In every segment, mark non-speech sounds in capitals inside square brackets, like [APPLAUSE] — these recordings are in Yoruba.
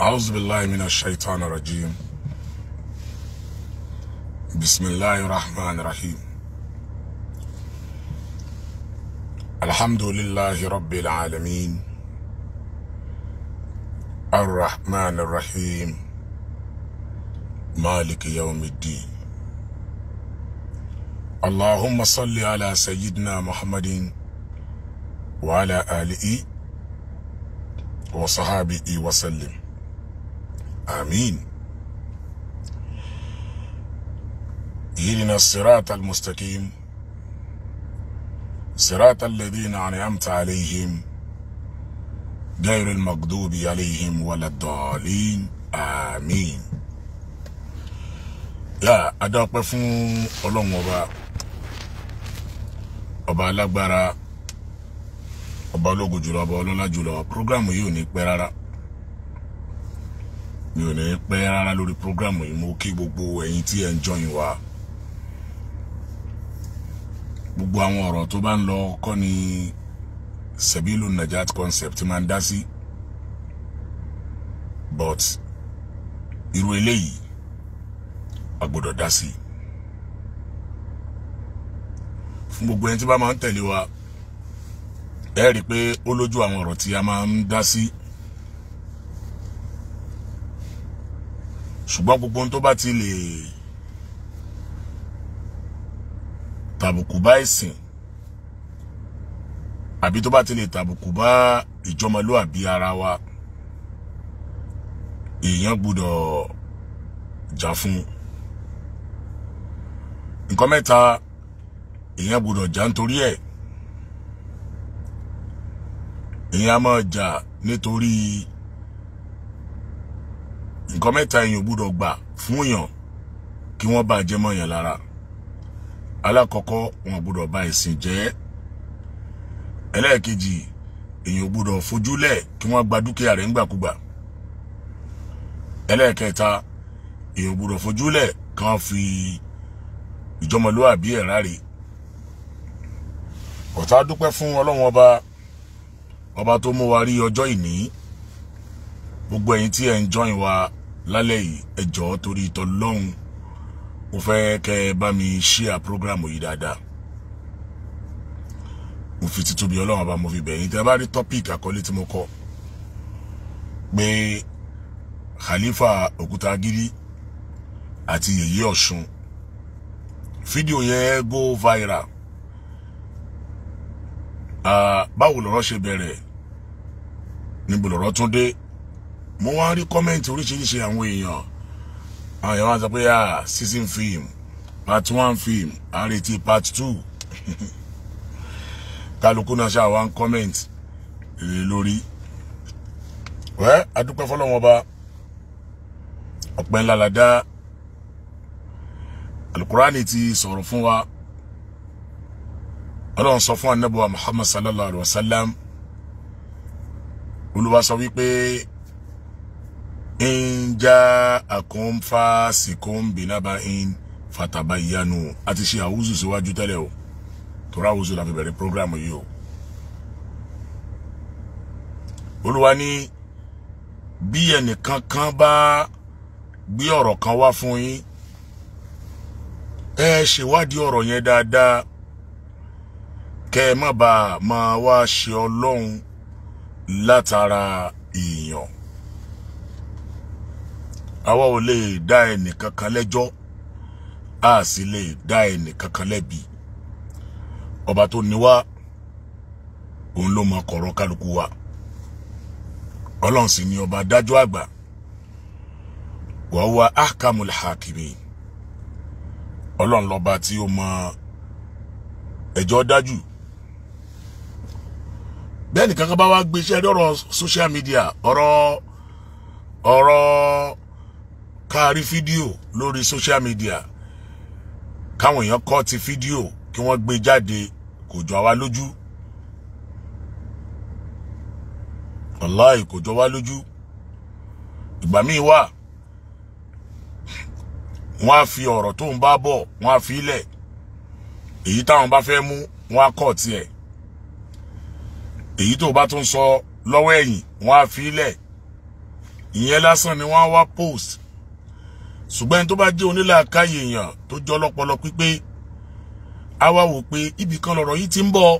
أعوذ بالله من الشيطان الرجيم بسم الله الرحمن الرحيم الحمد لله رب العالمين الرحمن الرحيم مالك يوم الدين اللهم صل على سيدنا محمد وعلى آله وصحابه وسلم آمين إهدنا الصراط المستقيم صراط الذين أنعمت عليهم غير المغضوب عليهم ولا الضالين آمين yá adáwọ̀pẹ́ fún ọlọ́run ọba ọba alágbára ọba ológun jùlọ ọba ọlọ́lá jùlọ programu yìí ò ní pẹ́ rárá. mi ò ní pẹ́ rárá lórí program yìí mo kí gbogbo ẹ̀yin tí ẹ̀ ń jọyìn wa gbogbo àwọn ọ̀rọ̀ tó bá ń lọ kọ́ ni Sebilu Najat concept máa ń dá sí but irú eléyìí a gbọ́dọ̀ dá sí fún gbogbo ẹni tí bá máa ń tẹ̀lé wa ẹ rí i pé ó lójú àwọn ọ̀rọ̀ tí a máa ń dá sí. Si ṣùgbọ́n gbogbo ohun tó bá ti lè tàbùkù bá ìsìn àbí tó bá ti lè tàbùkù bá ìjọmọlúàbí ara wa èèyàn gbọ́dọ̀ jà fún nǹkan mẹ́ta èèyàn gbọ́dọ̀ jà nítorí ẹ̀ èèyàn máa jà nítorí nǹkan mẹ́ta èèyàn gbúdọ̀ gbà fún èèyàn kí wọ́n bá jẹ́ mọ́yàn lára alákọ̀ọ́kọ́ wọn gbúdọ̀ bá ìsìn jẹ́ ẹlẹ́ẹ̀kejì èèyàn gbúdọ̀ fojúlẹ̀ kí wọ́n gba dúkìá rẹ̀ ńgbàkúgbà ẹlẹ́ẹ̀kẹta èèyàn gbúdọ̀ fojúlẹ̀ kí wọ́n fi ìjọmọlúwàbí ẹ̀ ráre ọ̀tá dúpẹ́ fún ọlọ́run ọba ọba tó mú wa rí ọjọ́ ìní gbogbo ẹ̀yin tí ẹ̀ ń jọyìn wa lálẹ́ yìí ẹ jọ̀ọ́ torí tọlọ́hun mo fẹ́ kẹ́ ẹ bá mi ṣíà prógrámù yìí dáadáa mo fi títóbi ọlọ́run ọba mo fi bẹ̀yìn tẹ́ bá rí tọ́píìkì àkọlé tí mo kọ pé Khalifa Òkútagídí àti Yèyé Ọ̀ṣun fídíò yẹn go viral báwo lọ̀rọ̀ ṣe bẹ̀rẹ̀ níbo lọ̀rọ̀ tún dé mo wá rí kọ́mẹ́ǹtì oríṣiríṣi àwọn èèyàn àwọn èèyàn wá sọ pé ah season film part one film àrètí part two [LAUGHS] kálukú náà ṣáà wá ń kọ́mẹ́ǹtì lè lórí wẹ́ adúpẹ́ fọlọ́wọ́n ọba ọ̀pẹ́ ńlá la dá alukurani ti sọ̀rọ̀ fún wa ọlọ́run sọ fún anabuwa muhammad sallallahu alaihi wa sallam olúwa wípé in ja akum fa sikum binaba in fatabayanu àti ṣe àwùzù síwájú tẹ́lẹ̀ o tora àwùzù la fi bẹ̀rẹ̀ program yìí o Olúwa ní bí ẹnìkan kan bá gbé ọ̀rọ̀ kan wá fún yín ẹ ṣèwádìí ọ̀rọ̀ yẹn dáadáa kẹ ẹ má bàa máa wá ṣe ọlọ́run látara èèyàn àwa ò lè dá ẹnì kankan lẹ́jọ́ a sì lè dá ẹnì kankan lẹ́bi ọba tó ní wá òun ló mọ kọ̀rọ̀ kálukú wa ọlọ́run sì ni ọba dájọ́ àgbà wa huwa ahkamul ọlọ́run lọ́ba tí ó mọ ẹjọ́ dájú bẹ́ẹ̀ nìkan kan bá wá gbé iṣẹ́ lọ́rọ̀ social media ọ̀rọ̀ ọ̀rọ̀ ká rí fídíò lórí social media káwọn èèyàn kọ́ ti fídíò kí wọ́n gbé jáde kò jọ wá lójú wàláì kò jọ wá lójú ìgbà míì wà wọ́n á fi ọ̀rọ̀ tó ń bá bọ̀ wọ́n á fi ilẹ̀ èyí táwọn bá fẹ́ mú wọ́n á kọ̀ tiẹ̀ èyí tó bá tún sọ lọ́wọ́ ẹ̀yìn wọ́n á fi ilẹ̀ ìyẹn lásán ni wọ́n á wá post ṣùgbọ́n ẹni tó bá jẹ́ onílàákàyè èèyàn tó jọ ọlọ́pọlọ pípé a wá wò pé ibì kan lọ̀rọ̀ yìí ti ń bọ̀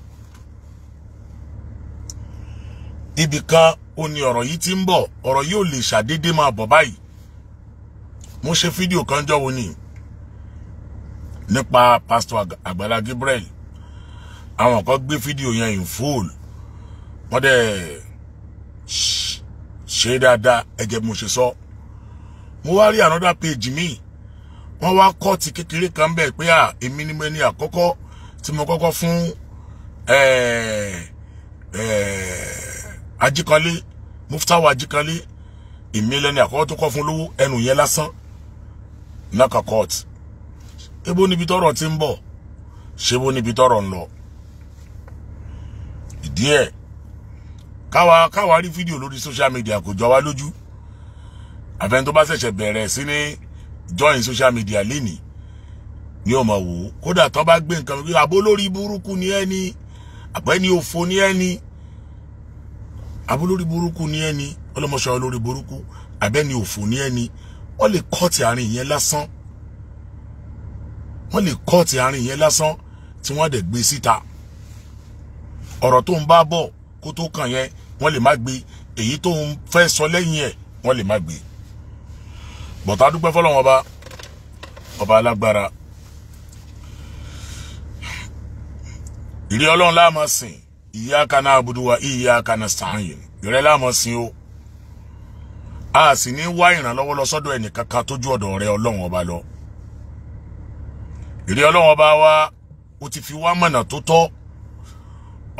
ibì kan ó ní ọ̀rọ̀ yìí ti ń bọ̀ ọ̀rọ̀ yìí ò lè ṣàdédé máa bọ̀ báyìí mo ṣe fídíò kan jọ́ wo ni nípa pásítọ̀ Àgbàlá Gabriel àwọn kan gbé fídíò yẹn in full wọ́n dẹ̀ ṣe dáadáa ẹ̀jẹ̀ mo ṣe sọ. So mo wá rí another page mi wọ́n wá kọ́ ti kékeré kan bẹ́ẹ̀ pé à ah, èmi ni mo ní àkọ́kọ́ tí mo kọ́kọ́ fún eh, eh, ajíkanlé muftawa ajíkanlé èmi lẹ́ni àkọ́kọ́ tó kọ́ fún lówó ẹnu yẹn lásán naka court ebo níbi tọ́rọ̀ ti ń bọ̀ ṣebo níbi tọ́rọ̀ ń lọ ìdí ẹ̀ káwa káwa rí fídíò lórí social media kò jọ wá lójú àfẹn tó bá ṣẹ̀ṣẹ̀ bẹ̀rẹ̀ sí ní join social media lénìí ni ó mọ̀ wò ó kódà tó bá gbé nǹkan wípé àbó lórí burúkú ni ẹni àbẹ́ni òfo ni ẹni àbó lórí burúkú ni ẹni ọlọ́mọṣẹ́ olórí burúkú àbẹ́ni òfo ni ẹni wọ́n lè kọ́ọ̀tì àárín yẹn lásán wọ́n lè kọ́ọ̀tì àárín yẹn lásán tí wọ́n dẹ̀ gbé síta ọ̀rọ̀ tó ń bá bọ̀ kó tó kàn yẹn wọ́n lè má gbé èyí tó ń fẹ́ sọ lẹ́yìn ẹ̀ wọ́n lè má gbé bọ̀tá dúpẹ́ fọlọ́wọn ọba ọba alágbára ìrí ọlọ́run láàmọ́ sìn iyyaka na'budu wa iyyaka nasta'in ìrẹ́ láàmọ́ sìn o a sì ní wá ìrànlọ́wọ́ lọ sọ́dọ̀ ẹnìkankan tójú ọ̀dọ̀ rẹ ọlọ́run ọba lọ ìrí ọlọ́run ọba wa ó ti fi wá mọ̀nà tó tọ́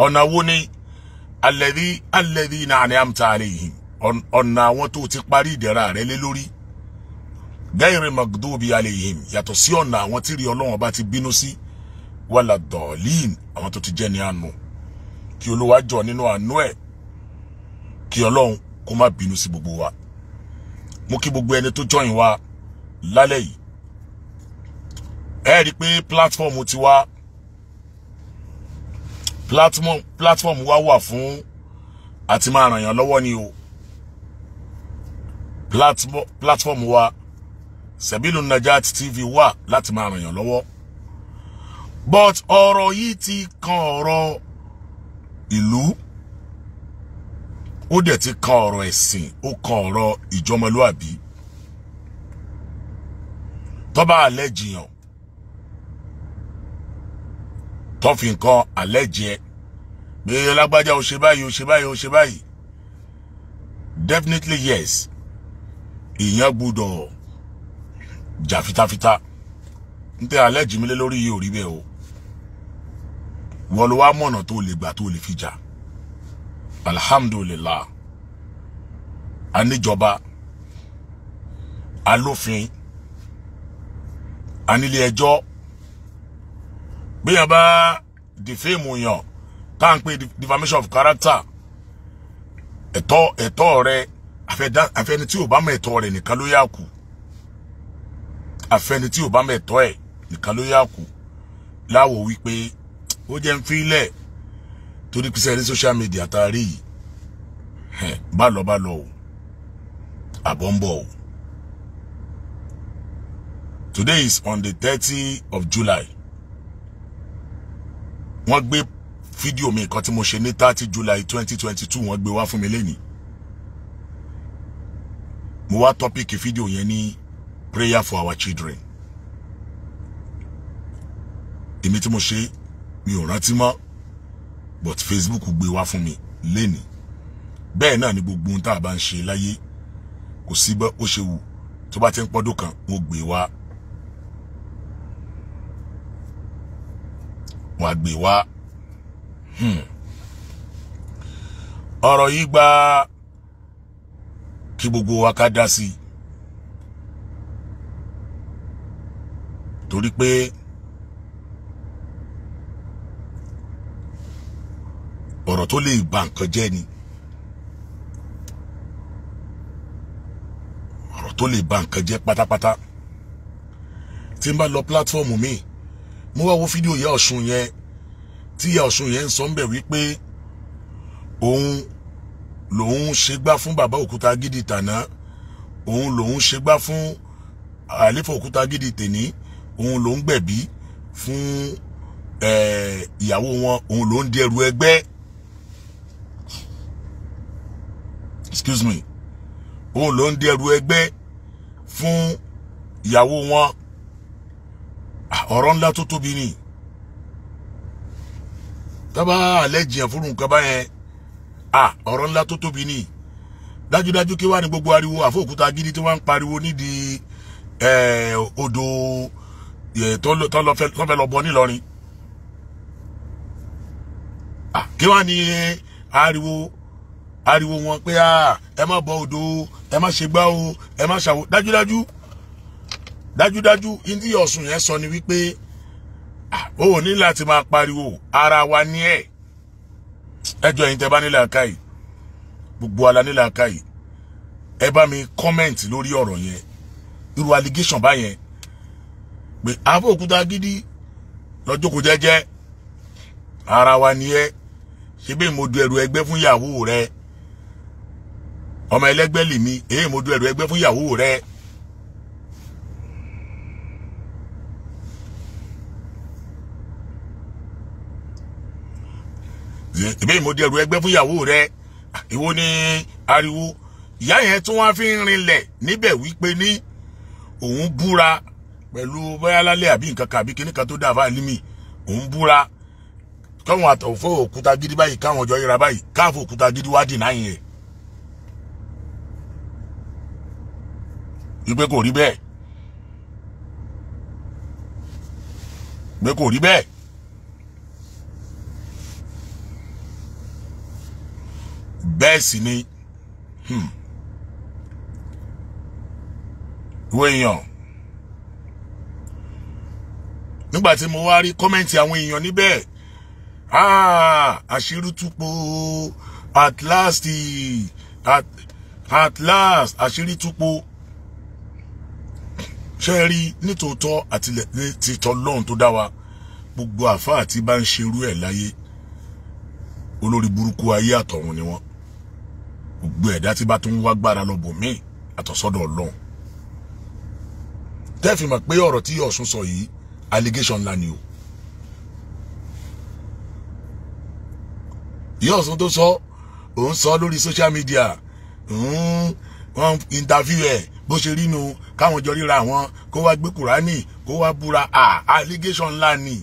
ọ̀nà wo ni alladhi alladhina an'amta alayhim ọ̀nà àwọn tó ti parí ìdẹ̀ra rẹ lé lórí gẹ́rẹ́ magdubi alehim yàtọ̀ sí ọ̀nà àwọn tí rí ọlọ́run bá ti bínú sí wàlà dọ̀ọ́lìn àwọn tó ti jẹ́ ní àánú kí olúwa jọ nínú àánú ẹ̀ kí ọlọ́run kó má bínú sí gbogbo wa mo kí gbogbo ẹni tó jọyìn wa lálẹ́ yìí ẹ rí i pé pílátífọ́ọ̀mù ti wá pílátífọ́ọ̀mù wa wà fún àti máa ràn yàn lọ́wọ́ ni o pílátífọ́ọ̀mù wa. Sẹ̀bílù Najat TV wà láti máa ràn yàn lọ́wọ́ but ọ̀rọ̀ yìí ti kan ọ̀rọ̀ ìlú ó dẹ̀ ti kan ọ̀rọ̀ ẹ̀sìn ó kan ọ̀rọ̀ ìjọmọlúàbí tọ́ba alẹ́ jiyàn tọ́fi nǹkan alẹ́ jẹ pé lágbájá o ṣe báyìí o ṣe báyìí o ṣe báyìí definitely yes ìyẹn gbúdọ̀ jà fitafita ń tẹ́ alẹ́ jìmílé lórí yìí ò rí bẹ́ẹ̀ o wọ́n ló wá mọ̀nà tó lè gbà tó lè fi jà alhamdulillah a níjọba a lófin a nílé ẹjọ́ bíyàn bá dìféèmù yàn tá à ń pè defamation of character ẹ̀tọ́ ẹ̀tọ́ rẹ àfẹni tí ò bá mọ ẹ̀tọ́ rẹ nìkan ló yà kù àfẹni tí ò bá mẹ̀tọ́ ẹ̀ nìkan ló yà kú láwo wípé ó jẹ́ ń fílẹ̀ torí pé sẹ́rí social media tá a rí yìí bá lọ bá lọ o àbọ̀ ń bọ̀ o. Today is on the 30 of July wọ́n gbé fídíò mi nǹkan tí mo ṣe ní 30 July 2022 wọ́n gbé wá fún mi lẹ́yìn mo wá tọ́pìkì fídíò yẹn ní. Ni prayer for our children èmi tí mo ṣe mi ò rántí mọ́ but Facebook gbé wá fún mi lénìí bẹ́ẹ̀ náà ni gbogbo ohun tá a bá ń ṣe láyé kò sí bọ́ ó ṣe wù tó bá ti ń pọ́dún kan wọ́n gbé wá wọ́n á gbé wá hmm. ọ̀rọ̀ yìí gba kí gbogbo wa ká dá sí i. torí pé ọ̀rọ̀ tó lè ba nǹkan jẹ́ ni ọ̀rọ̀ tó lè ba nǹkan jẹ́ pátápátá tí n bá lọ platform mi mo wá wo fídíò ìyá ọ̀ṣun yẹn tí ìyá ọ̀ṣun yẹn ń sọ ń bẹ̀ wípé òun lòun ṣègbà fún bàbá òkúta gidi tàná òun lòun ṣègbà fún àléfà òkúta gidi tèní òun ló ń gbẹ̀bí fún ìyàwó wọn òun ló ń dẹrù ẹgbẹ́ excuse me òun ló ń dẹrù ẹgbẹ́ fún ìyàwó wọn ah, ọ̀rọ̀ ńlá tó tóbi ni tábà àlẹ́jìyàn fún nǹkan báyẹn ah, ọ̀rọ̀ ńlá tó tóbi ni dájúdájú kí wá ní gbogbo ariwo àfọ òkúta gidi tí wọ́n ń pariwo nídìí odò. Eh, Eh, tó fẹ́ lọ bọ nílọrin ah, kí wàá ní ariwo ariwo wọn pé ah, ẹ má bọ odò ẹ má ṣe gbá o ẹ má ṣàwò dájúdájú dájúdájú indi Ọ̀ṣun yẹn sọ ni wípé ah, o ò ní láti máa pariwo ara wa ní ẹ ẹjọ ẹ̀yin tẹ́ bá nílẹ̀ àkáyì gbogbo ala nílẹ̀ àkáyì ẹ bá mi kọ́mẹ̀ǹtì lórí ọ̀rọ̀ yẹn irú allegation báyẹn pé abóòkúta gidi lọ́jọ́kọ̀ jẹ́jẹ́ ara wa ni ẹ ṣe bí mo du ẹrù ẹgbẹ́ fún ìyàwó rẹ ọmọ ẹlẹ́gbẹ́ lèmi èyí mo du ẹrù ẹgbẹ́ fún ìyàwó rẹ. ìbéyìí mo di ẹrù ẹgbẹ́ fún ìyàwó rẹ ìwo ni ariwo ìyá yẹn tí wọ́n fi ń rinlẹ̀ níbẹ̀ wípé ní òun búra pẹ̀lú bóyá lálẹ́ àbí nǹkan kan àbí kíní kan tó dà fáà límì òun búra káwọn àtọ̀fọ́ òkúta gidi báyìí káwọn ọjọ́ yẹra báyìí káàfọ̀ òkúta gidi wá dì náà yẹn. wípé kò rí bẹ́ẹ̀ pé kò rí bẹ́ẹ̀. bẹ́ẹ̀ sì ni ìwé hmm. èèyàn. Hmm nígbà tí mo wá rí kọ́mẹ́ǹtì àwọn èèyàn níbẹ̀ ah, àṣírí túpo at last at, at last àṣírí túpo ṣe rí nítòótọ́ àtilẹ̀ ti tọ́ lọ́run tó dá wa gbogbo àfáà tí bá ń ṣerú ẹ̀ láyé olórí burúkú ayé àtọ̀run ni wọ́n gbogbo ẹ̀dá tí bá tún wá gbára lọ́bọ̀ míì àtọ̀sọ́dọ̀ ọlọ́run tẹ́ẹ̀fì mọ̀ pé ọ̀rọ̀ tí Ọ̀ṣun sọ yìí allegation ńlá ni o ìyá ọ̀sán tó sọ òun sọ lórí social media wọ́n interview ẹ̀ bó ṣe rí nu káwọn jọ ríra wọn kó wá gbé kùránì kó wá búra allegation ńlá ni.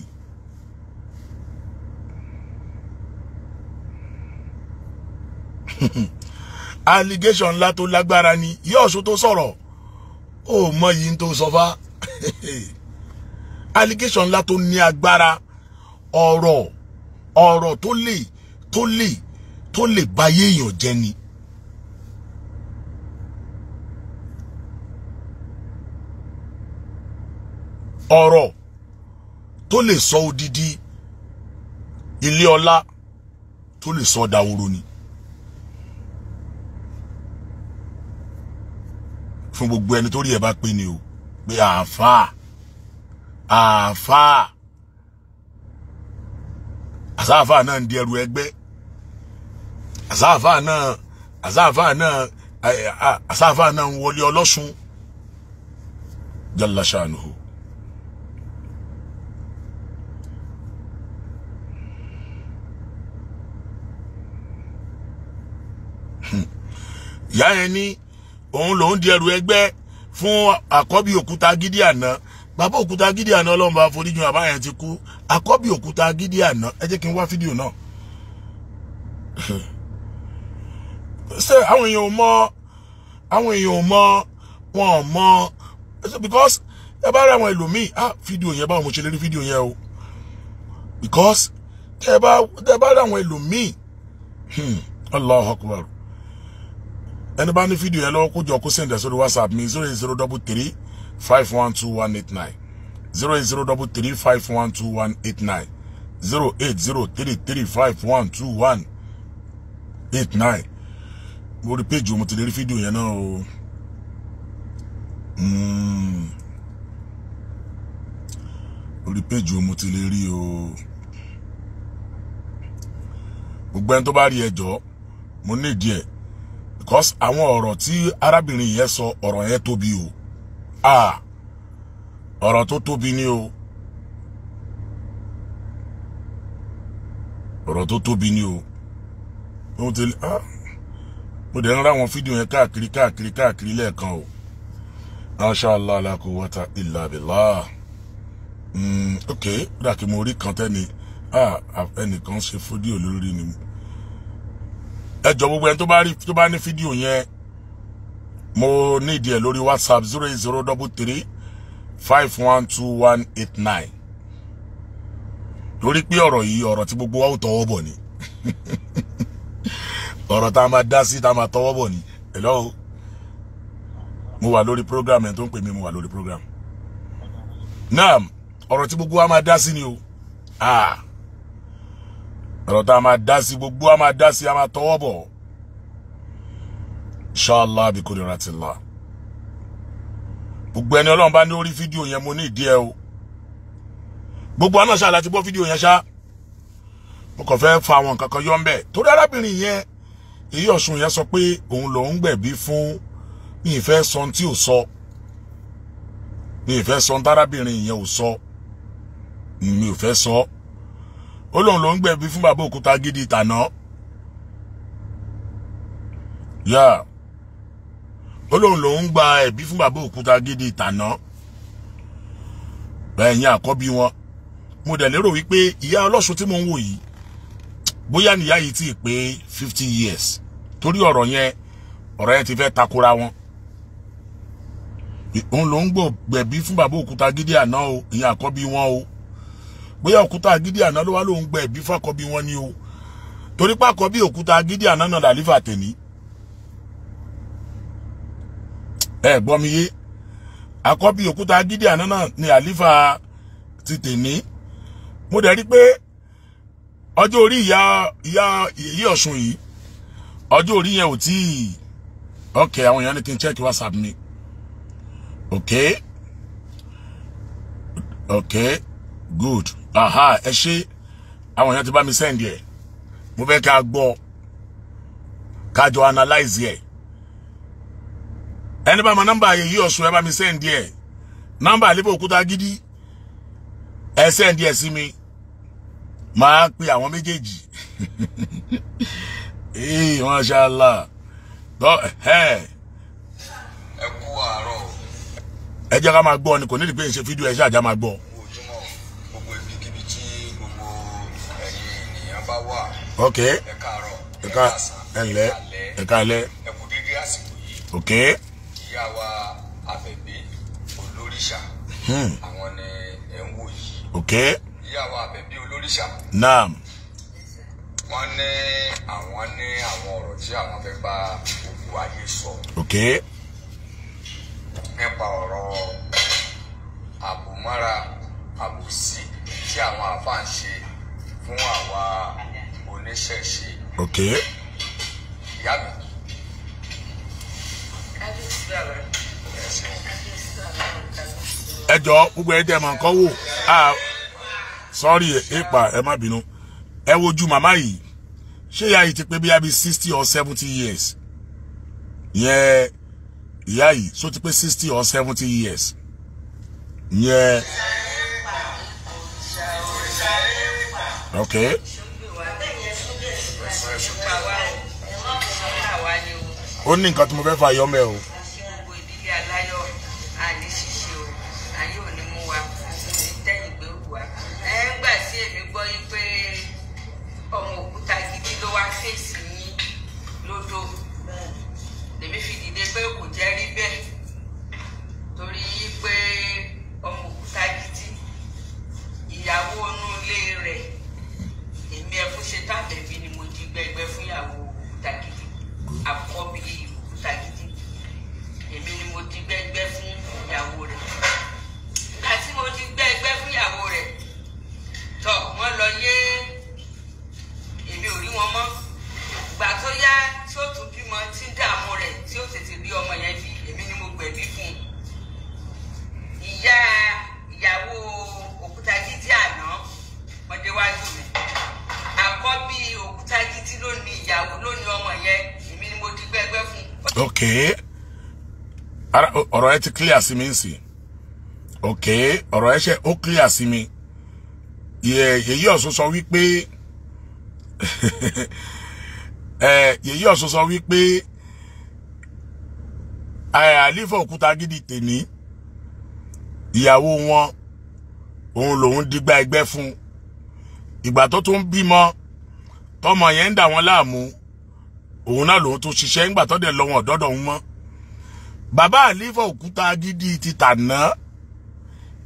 [LAUGHS] allegation ńlá tó lágbára ni ìyá ọ̀sán tó sọ̀rọ̀ ó mọ tó sọ fá. [LAUGHS] allegation ńlá tó ní agbára ọ̀rọ̀ ọ̀rọ̀ tó lè tó lè tó lè bayé èèyàn jẹ́ ni. ọ̀rọ̀ tó lè sọ odidi ilé ọlá tó lè sọ dahoro ni. fún gbogbo ẹni tó rí ẹ bá pé ni o pé àáfàá Afa, asafa náà ń di ẹrù ẹgbẹ́ àsáàfàá náà àsáàfàá náà àsáàfàá náà ń wọlé ọlọ́sùn jalla shanuhu ìyá yẹn ní òun lòún di ẹrù ẹgbẹ́ fún àkọ́bí òkúta gidi àná bàbá òkúta gidi àná ọlọ́run bá foríjì bàbá yẹn ti kú àkọ́bí òkúta gidi àná ẹ jẹ́ kí n wá fídíò náà ṣe àwọn èèyàn ò mọ àwọn èèyàn ò mọ wọn ò mọ because ẹ bá ra àwọn ẹlòmíì ah fídíò yẹn báwo mo ṣe lè fídíò yẹn o because tẹ bá tẹ bá ra àwọn ẹlòmíì hmm, Allahu Akbar ẹni bá ní fídíò yẹn lọ́wọ́ kó jọ kó send ẹ̀ sórí WhatsApp mi zero eight zero double three. 5121189 08033512189 08033512189 mo rí péjì mo ti lè rí fídíò yẹn náà o hmm. orí péjì mo ti lè rí o gbogbo ẹni tó bá rí ẹjọ́ mo nídìí ẹ̀ because àwọn ọ̀rọ̀ tí arábìnrin yẹn sọ ọ̀rọ̀ yẹn tóbi o à ọ̀rọ̀ tó tóbi ni o ọ̀rọ̀ tó tóbi ni o mo ti ah mo dẹ̀ ń ráwọn fídíò yẹn káàkiri káàkiri káàkiri lẹ́ẹ̀kan o inshallah la quwwata illa billah mm, ok dà kí mo rí kan tẹ́ni ah ẹnìkan ṣe fídíò lórí ni ẹ jọ gbogbo ẹni tó bá ní fídíò yẹn mo nídìí ẹ̀ lórí whatsapp zero eight zero double three five one two one eight nine lórí pé ọ̀rọ̀ yìí ọ̀rọ̀ tí gbogbo wa ò tọwọ́ bọ̀ ni [LAUGHS] ọ̀rọ̀ tá a máa dá sí tá a máa tọwọ́ bọ̀ ni hello mo wà lórí program ẹ̀ tó ń pè mí mo wà lórí program naam ọ̀rọ̀ tí gbogbo wa máa dá sí ni o ah. ọ̀rọ̀ tá a máa dá sí gbogbo wa máa dá sí a máa tọwọ́ bọ̀ ṣáàlá bí kudratillah gbogbo ẹni ọlọ́run bá ní orí fídíò yẹn mo ní ìdí ẹ o gbogbo àná ṣáà láti gbọ́ fídíò yẹn ṣá mo kàn fẹ́ fa àwọn nǹkan kan yọ ńbẹ torí arábìnrin yẹn èyí ọ̀sùn yẹn sọ pé òun lòún gbẹ̀bí fún mi ìfẹ́ sọ tí ò sọ mi ìfẹ́ sọ tárábìnrin yẹn ò sọ mi ò fẹ́ sọ ó lòun lòún gbẹ̀bí fún bàbá òkúta gidi tàná. Yeah ó lóun lòun gba ẹ̀bí fún bàbá òkúta gidi ìtànà ẹ̀yìn àkọ́bí wọn mo dẹ̀ lérò wípé ìyá ọlọ́sùn tí mo ń wò yìí bóyá nìyá yìí ti pé fifty years torí ọ̀rọ̀ yẹn ọ̀rọ̀ yẹn ti fẹ́ takora wọn òun ló ń gbò gbẹ̀bí fún bàbá òkúta gidi àná o ìyẹn àkọ́bí wọn o bóyá òkúta gidi àná ló wá lóun gbẹ̀bí fún àkọ́bí wọn ni o torí pé àkọ́bí òkúta gidi àná náà làlífà tèmi ẹ gbọ́ mi yé àkọ́bí òkúta gidi àná náà ni àlífà ti tèmi mo dẹ̀ rí pé ọjọ́ orí ìyá ìyá ìyá ọ̀ṣun yìí ọjọ́ orí yẹn ò tí ì ok àwọn èèyàn ní kí n check whatsapp mi ok ok good aha ẹ ṣe àwọn èèyàn ti bá mi send yẹ mo fẹ́ ká gbọ́ ká jọ analyze yẹ ẹni bá ma nọ́mbà yẹ yí ọ̀sùn ẹ bá mi sẹ́ǹdì ẹ̀ nọ́mbà àlébọ̀ òkúta gidi ẹ sẹ́ǹdì ẹ̀ sí mi máa pe àwọn méjèèjì [LAUGHS] ee mọ́ṣálá tọ́ ẹ̀ ẹ kú àárọ̀ ẹ jẹ́ ká máa gbọ́ ni kò nídìí pé ń ṣe fídíò ẹ ṣáà já máa gbọ́. ok ẹka ẹka ẹlẹ ẹka ẹlẹ ẹkú dídí àsìkò yìí ok ìyá wa Àbẹ̀bí olóríṣà hmm. àwọn ni ẹ̀ ń wò yìí. okay. ìyá wa Àbẹ̀bí olóríṣà. naam. wọ́n ní àwọn ní àwọn ọ̀rọ̀ tí àwọn fẹ́ bá òkú ayé sọ. okay. nípa ọ̀rọ̀ àbòmọ́ra àbòsí tí àwọn àfáà ń ṣe fún àwa oníṣẹ̀ṣe. okay. ìyá mi ẹ jọ gbogbo ẹ dẹ mọ nǹkan wò á sọrí ipa ẹ má bínú ẹ wojú màmá yìí ṣé ìyá yìí ti pé bíyà bí sixty or seventy years yẹn ìyá yìí tó ti pé sixty or seventy years yẹn ok. ó ní nǹkan tí mo fẹ́ fà yọ mẹ́ o. ọ̀rọ̀ ẹ ti clear sí mi nsì ok ọ̀rọ̀ ẹ ṣe ó clear sí mi yèyí ọ̀sùn sọ wípé [LAUGHS] yèyí ọ̀sùn sọ wípé àlífà Òkútagídí tèmi ìyàwó wọn òun lòun dígbà ẹgbẹ́ fún ìgbà tó tún bímọ tọmọ yẹn ń dà wọn láàmú òun náà lòun tún ṣiṣẹ́ ńgbà tó dẹ̀ lọ wọn ọ̀dọ́dọ̀ bàbá àlífà òkúta gidi ti tàná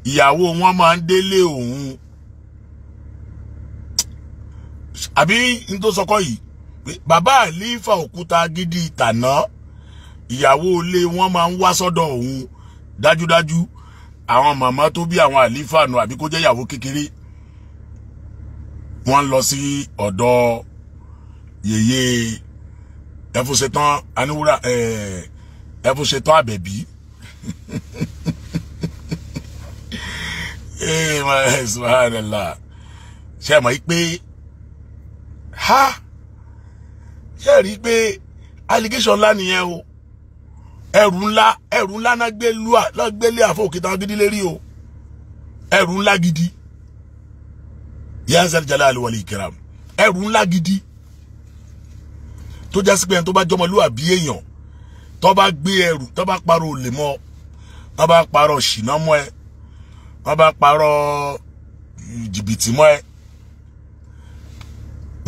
ìyàwó wọn máa ń délé òun àbí n tó sọkọ yìí bàbá àlífà òkúta gidi tàná ìyàwó ilé wọn máa ń wá sọ́dọ̀ òun dájúdájú àwọn màmá tó bí àwọn àlífà nù àbí kó jẹ́ ìyàwó kékeré wọ́n lọ sí ọ̀dọ̀ yèyé ẹfúnṣetán aníwúrà ẹẹ. Eh, ẹ fún ṣetán àbẹ̀bí [LAUGHS] ee eh, subhanallah ṣe mọ̀ yí pé ha ṣe rí i pé allegation ńlá nìyẹn o ẹrù ńlá ẹrù ńlá náà gbé lúà náà gbélé àfọwòkìtà gidi lérí o ẹrù ńlá gidi yẹn sẹ́ni jalal wal ikram ẹrù ńlá gidi tó jásí pé ẹni tó bá jọmọlúwàbí èèyàn tó bá gbé ẹrù tó bá parọ́ olè mọ́ tó bá parọ́ ṣìnà mọ́ ẹ tó bá parọ́ jìbìtì mọ́ ẹ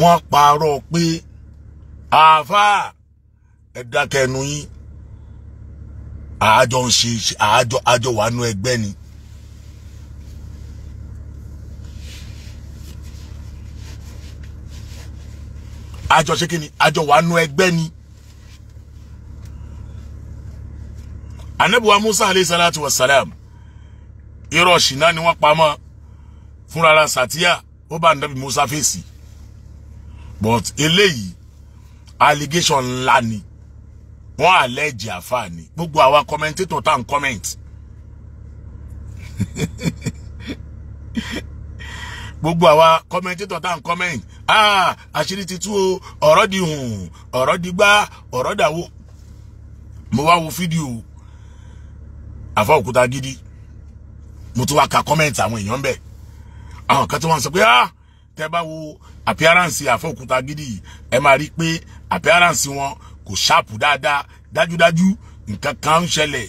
wọ́n parọ́ pé àáfàá ẹ yín àájọ ń ṣe àájọ àjọ wà nú ẹgbẹ́ ni. àjọ ṣé kí ni àjọ wà nú ẹgbẹ́ ni. anabiwa musa alayhi salatu wasalam irọ́ ṣìnà ni wọ́n pamọ́ fúnra sàtíyà ó bá nàbí musa fèsì but eléyìí allegation ńlá ni wọ́n àlẹ́jì àfààní gbogbo àwa commentator tá n comment [LAUGHS] gbogbo àwa commentator tá n comment ah àṣírí ti tú o ọ̀rọ̀ di hùn ọ̀rọ̀ di gbá ọ̀rọ̀ dàwó mo wá wo fídíò àfa òkúta gidi mo tún wá ka kọ́mẹ̀ntì àwọn èèyàn bẹ̀ àwọn kan tí wọ́n sọ pé ah tẹ́ bá wo appearance àfa òkúta gidi ẹ máa rí i pé appearance wọn kò ṣáàpù dáadáa dájúdájú nǹkan kan ń ṣẹlẹ̀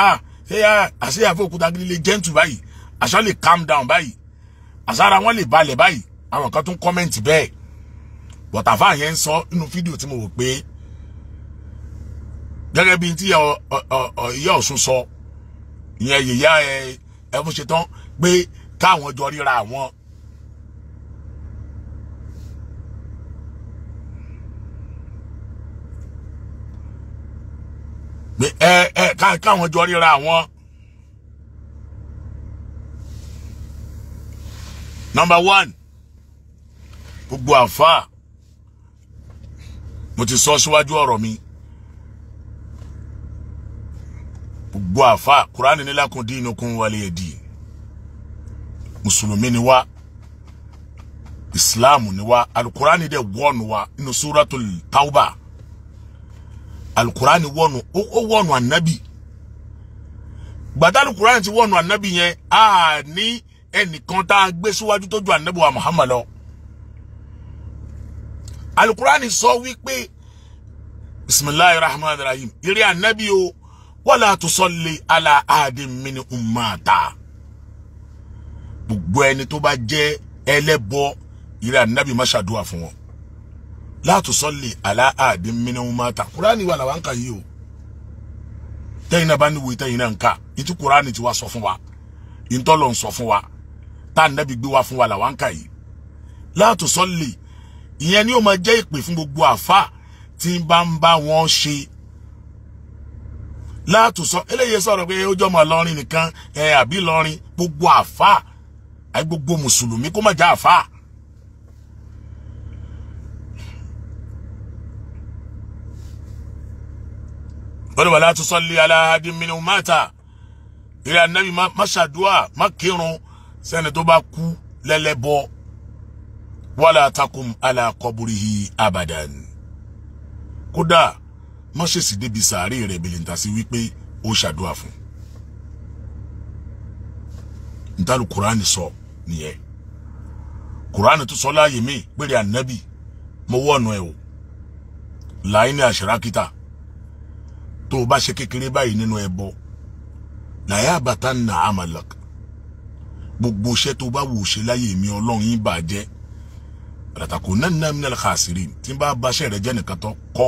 ah ṣé ah, àṣẹ àfa òkúta gidi lè gentle báyìí àṣà lè calm down báyìí àṣàrà wọn lè balẹ̀ báyìí àwọn kan tún kọ́mẹ̀ntì bẹ́ẹ̀ bọ̀tàfà yẹn ń sọ nínú fídíò tí mo wò pé gẹ́gẹ́ bí ti ìyá Ọ̀ṣun sọ ìyẹn yìyá ẹ ẹfúnṣetán pé káwọn jọ ríra àwọn. ẹ ẹ káwọn jọ ríra àwọn. number one gbogbo àfáà mo ti sọ síwájú ọ̀rọ̀ mi gbogbo àfa ni la dín inú kún wálé ẹ̀dì mùsùlùmí ni wá islam ni wá alukurani dẹ̀ wọ́ọ̀nù wa inú suratul tauba alukurani wọ́ọ̀nù ó wọ́ọ̀nù anabi gbàtà alukurani ti wọ́ọ̀nù anabi yẹn a ní ẹnìkan tá a gbé síwájú tó ju anabi wa muhammad lọ alukurani sọ wípé bisimilahi rahman rahim eré anabi o wala tusalli ala ahadin minhum mata gbogbo ẹni tó bá jẹ́ ẹlẹ́bọ ìrẹ́ ànábì má ṣàdúrà fún wọn la tusalli ala ahadin minhum mata kúránì wà làwọn kà yìí o tẹ́yìn náà bá ní wòye tẹ́yìn náà ń kà ìtú kúránì ti wá sọ fún wa ìtọ́lọ̀ ń sọ fún wa tá ànábì gbé wá fún wa làwọn kà yìí la tusalli ìyẹn ni ó máa jẹ́ ìpè fún gbogbo àfa tí bá ń bá wọn ṣe látùsọ eléyìí sọ̀rọ̀ pé ó jọmọ lọrin nìkan ẹ àbí lọrin gbogbo àfà àì gbogbo mùsùlùmí kó má já àfà. bọ́dọ̀ wà látùsọ lé aláhàdí mímú mẹ́ta ìrẹ́ anábì má ṣàdúrà má kírun sẹ́ni tó bá kú lẹ́lẹ́bọ wàlá takum alákọ̀bùrìhì abadan kódà mọ́ṣẹ̀sì débi sàárè rẹ̀ bìlìntàsí wípé ó ṣàdúrà fún ntàlù kuraani sọ nìyẹn kuraani tó sọ láàyè mí pèrè ànábì mo wọnú ẹ o láì ní àṣírákítà tó o bá ṣe kékeré báyìí nínú ẹbọ láyé àbàtà nà amalak gbogbo iṣẹ́ tó bá wò ṣe láyè mi Ọlọ́run yín bàjẹ́ ràtàkùn náà nàmínà kàṣírí tí n bá baṣẹ rẹ jẹ nìkan tó kọ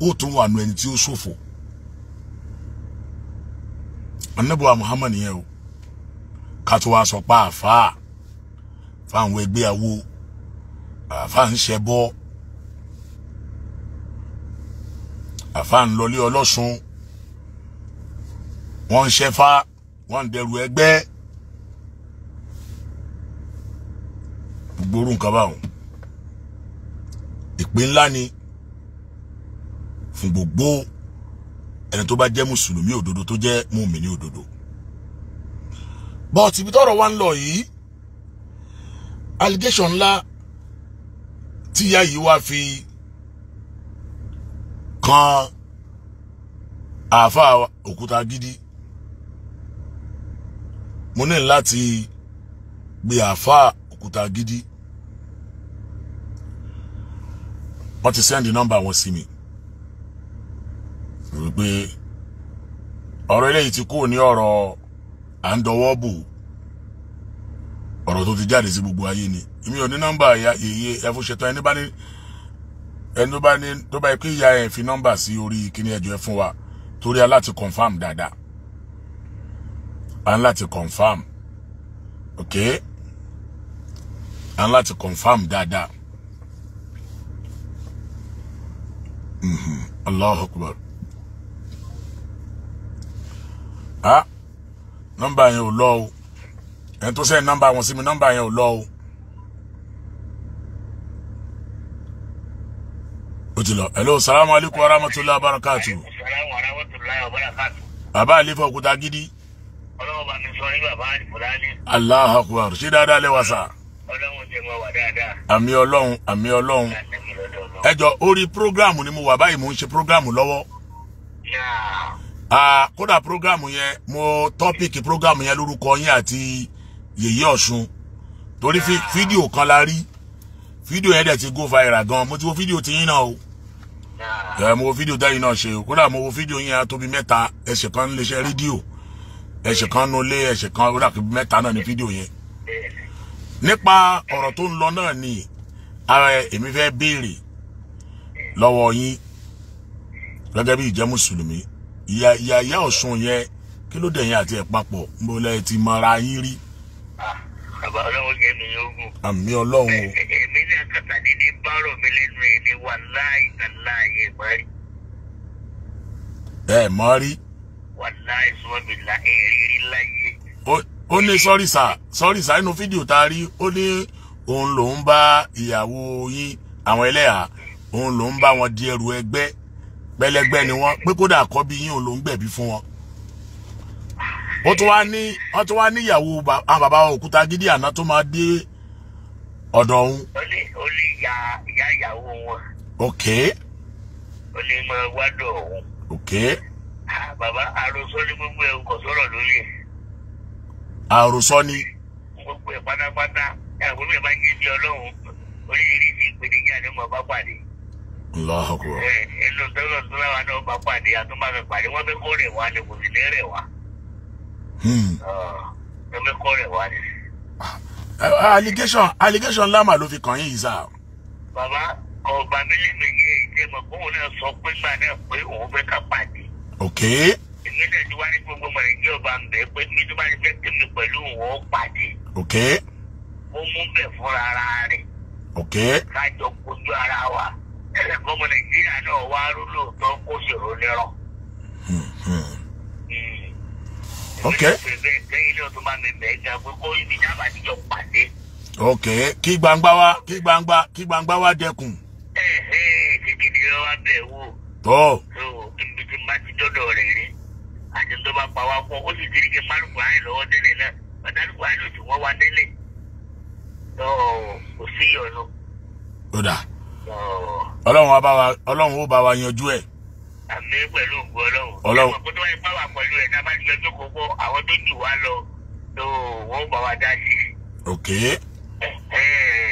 ó tún wà nù ẹni tí ó ṣòfò anabuwa muhammad yẹn o kátó wa sọ pa àfáà fáwọn ẹgbẹ́ awo àfáà ń ṣẹbọ àfáà ń lọlé ọlọ́sùn wọ́n ń ṣẹfá wọ́n ń dẹrù ẹgbẹ́ gbogbo orú nǹkan báwọn ìpín ńlá ni fún gbogbo ẹni tó bá jẹ́ mùsùlùmí òdodo tó jẹ́ mùmíní òdodo but ibi tọ́rọ̀ wa ń lọ yìí allegation ńlá tíyá yìí wá fi kan àáfàá òkúta gidi mo ní láti gbé àáfàá òkúta gidi wọ́n ti sẹ́ndì nọ́mbà wọn sí mi wípé ọ̀rọ̀ eléyìí ti kúrò ní ọ̀rọ̀ à ń dọwọ́ bù ọ̀rọ̀ tó ti jáde sí gbogbo ayé ni èmi ò ní nọ́mbà yeye ẹfúnṣetán ẹni bá ní ẹni tó bá ní tó bá yẹ kí ìyá ẹ fi nọ́mbà sí orí kíní ẹjọ́ ẹ fún wa torí aláti confam dáadáa à ń láti confam ok à ń láti confam dáadáa. Mhm. Allah hmm Akbar. haa nọmba yẹn ò lọ o ẹni tó sẹ́yìn nọmba wọn sí yẹn ò lọ o ti lọ hello salamu alaykum wa abarakatu baba barakatu. bàbá gidi. allah akbar ṣé dáadáa lẹ́wà ami ọlọ́run ami programu ni mo wà báyìí mo ń ṣe programu lọ́wọ́. kódà program yẹn mo topic program yẹn lórúkọ yín àti yèyé ọ̀ṣun torí fídíò kan la rí fídíò yẹn dẹ̀ ti go viral gan mo ti wo fídíò ti yín náà o mo wo fídíò dáyìí náà ṣe kódà mo wo fídíò yẹn tóbi mẹ́ta ẹsẹ̀ kan lè ṣe rédíò ẹsẹ̀ kan nu ilé ẹsẹ̀ kan kódà mẹ́ta náà ni fídíò yẹn nípa ọ̀rọ̀ tó ń lọ náà ni ara èmi fẹ́ béèrè lọ́wọ́ yín gẹ́gẹ́ bí ìjẹ́ mùsùlùmí ìyá ìyá ìyá ọ̀sùn yẹn kí ló dẹ̀yìn àti ẹ̀ mo lẹ ti mọra yín rí. bàbá ọlọ́run yẹ mi yógùn. àmì ọlọ́run èmi ní akátá ní ní bárò mi lẹ́nu èdè wà láì láì ẹ̀ mọ́ ẹ mọ́ rí. wà láì sọ mi la èrè rí láyé. ó ní sọ́rí sà sọ́rí sà inú fídíò tá a rí ó ní òun lòún bá ìyàwó yín àwọn ẹlẹ́yà òun lòún bá wọn di ẹrù ẹgbẹ́ gbẹlẹgbẹ ni wọn pé kódà àkọ́bí yín òun ló ń gbẹ̀bí fún wọn ó tún wá ní ó tún wá níyàwó àwọn bàbá òkúta gidi àná tó máa dé ọ̀dọ̀ òun. ó lè ó lè ya ìyá ìyàwó wọn. ok. ó lè máa wádọ̀ òun. ok. bàbá àròsọ ni gbogbo ẹ̀ kò sọ̀rọ̀ lórí ẹ̀. àròsọ ni. gbogbo ẹ̀ pátápátá ẹ̀ gbogbo ẹ̀ bá ń jẹ́ bí ọlọ́run oríṣiríṣi ìpèníjà ni mo bá pàdé lọ́hàkùn. ẹ ẹ lóòótọ́ lóòótọ́ làwọn náà bá pàdé àtúmọ̀fẹ́ pàdé wọ́n fẹ́ kó rẹ̀ wá ni kò sì ní rẹ̀ wá. Hmm. wọ́n fẹ́ kó rẹ̀ wá ni. Ah, allegation allegation lámà ló fi kàn yín yìí sá. bàbá ọba mílí mi yé ìdí mọ̀ kóun náà sọ pé gbà náà pé òun fẹ́ ká pàdé. ok. èmi náà ti wá ní gbogbo mọ̀ ẹ̀jẹ̀ ọba ń bẹ̀ pé mi tó bá ti fẹ́ kí mi pẹ̀lú òun pàdé. ok. ó mú bẹ̀ fúnra rẹ̀. ok. ká jọ kojú ara wa ọmọ nàìjíríà náà wá lóòótọ́ kó ṣòro lẹ́rọ̀. Hmm, hmm. hmm. ok. ok kí gbangba wa kí gbangba kí gbangba wa dẹkùn. kékeré yẹn wá bẹ̀ wò. tó. ibi tí má ti dọ́dọ̀ rẹ̀ rí àti tó bá pa wá pọ̀ ó sì ti rí kí márùkù àárín lọ́wọ́ délé náà márùkù àárín ló ti wọ́n wá délé. tó kò sí ìyọnu. ó dà ọlọ́run bá wa ọlọ́run ó bá wa yanjú ẹ̀. àmì pẹ̀lú ògùn ọlọ́run. ọlọ́run ọmọ tó wáyé bá wà pẹ̀lú ẹ̀ náà bá ti yọjú gbogbo àwọn tó jù wá lọ tó wọ́n bá wa dá sí. ok. ẹ ẹ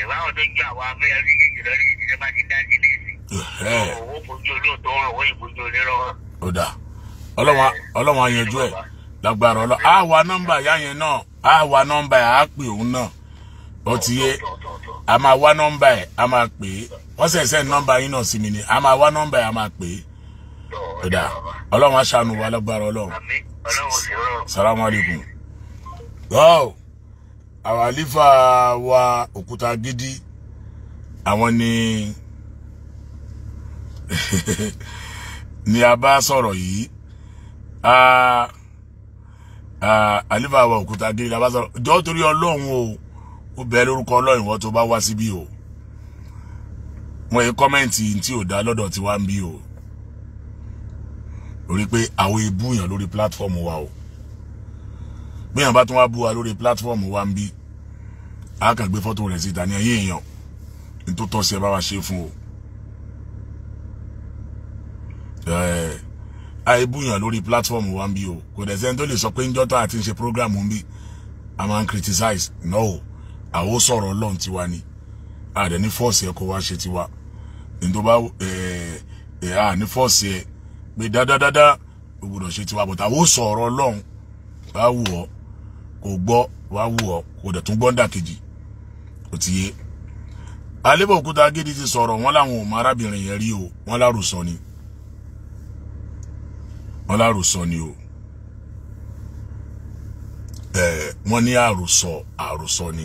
báwọn tó jù àwọn abẹ́yẹ rí lọ rí kejì bá ti dá sí léṣe. owó fojú olóòótọ́ rọ̀ owó onírọ̀. ó dà ọlọ́run á yanjú ẹ̀ lágbára ọlọ́ àwa nọ́mbà yá yẹn náà àwa nọ́mbà yà á pè òun náà ó ti yé a máa wá nọ́mbà ẹ̀ a máa pè é wọ́n sì send nọ́mbà yín náà sí mi ni a máa wá nọ́mbà ẹ̀ a máa pè é. ọ̀dà ọlọ́run aṣàánú wa lágbára ọlọ́run salamu alaykum. àwọn àlífà wa òkúta gidi àwọn ni [LAUGHS] ni a bá sọ̀rọ̀ yìí àlífà wa òkúta gidi la bá sọ̀rọ̀ jọ́ torí ọlọ́run o ó bẹ lórúkọ ọlọ́run wọ́n tó bá wá síbí o wọ́n yẹ kọ́mẹ́ǹtì tí ò dá lọ́dọ̀ tí wá ń bí o lórí pé àwọn ebú yàn lórí pílátífọ́ọ̀mù wa o bí yàn bá tún wá bú wa lórí pílátífọ́ọ̀mù wa ń bí a kàn gbé fọ́tò rẹ̀ síta ní ẹ̀yìn èèyàn ní tó tọ́ sí ẹ bá wa ṣe fún o àìbú yàn lórí pílátífọ́ọ̀mù wa ń bí o kò dẹ̀ sẹ́ni tó lè sọ pé ń jọ́tọ̀ àti ń ṣe prógráàmù ń bí a máa ń criticize no àwo sọ̀rọ̀ ọlọ́run tiwa ni àdẹ ní fọ́ọ̀sì ẹ kó wá ṣe tiwa ní tó bá ẹ à ní fọ́ọ̀sì ẹ pé dáadáa ó gbọdọ̀ ṣe tiwa bọ̀tà àwo sọ̀rọ̀ ọlọ́run wá wù ọ́ kò gbọ́ wá wù ọ́ kò dẹ̀ tún gbọ́ ń dà kejì kò ti yé alébòkúta gidi ti sọ̀rọ̀ wọn làwọn ò arábìnrin yẹn rí o wọn lárùsọ ni wọn lárùsọ ni o ẹ wọn ní àròsọ àròsọ ni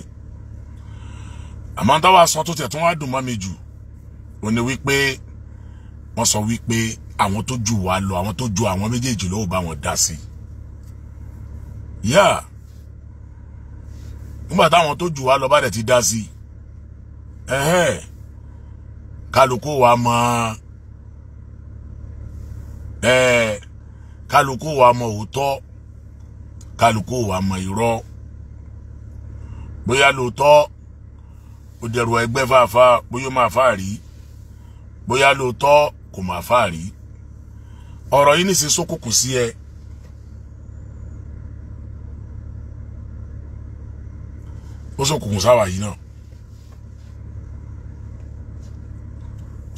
àmọ́ táwa sọ tó tẹ̀ tó wá dùn mọ́ mi jù ó ní wípé wọ́n sọ wípé àwọn tó jù wá lọ àwọn tó ju àwọn méjèèjì ló bá wọn dá sí yá nígbà táwọn tó jù wá lọ bá dẹ̀ ti dá sí kálukú wa mọ kálukú wa mọ òótọ́ kálukú wa mọ irọ́ bóyá lóòótọ́ ó dẹrù ẹgbẹ́ fàáfà bóyá ó máa fà rí bóyá lóòótọ́ kò máa fà rí ọ̀rọ̀ yìí nìsín sókùnkùn sí ẹ ó sókùnkùn sáwà yìí náà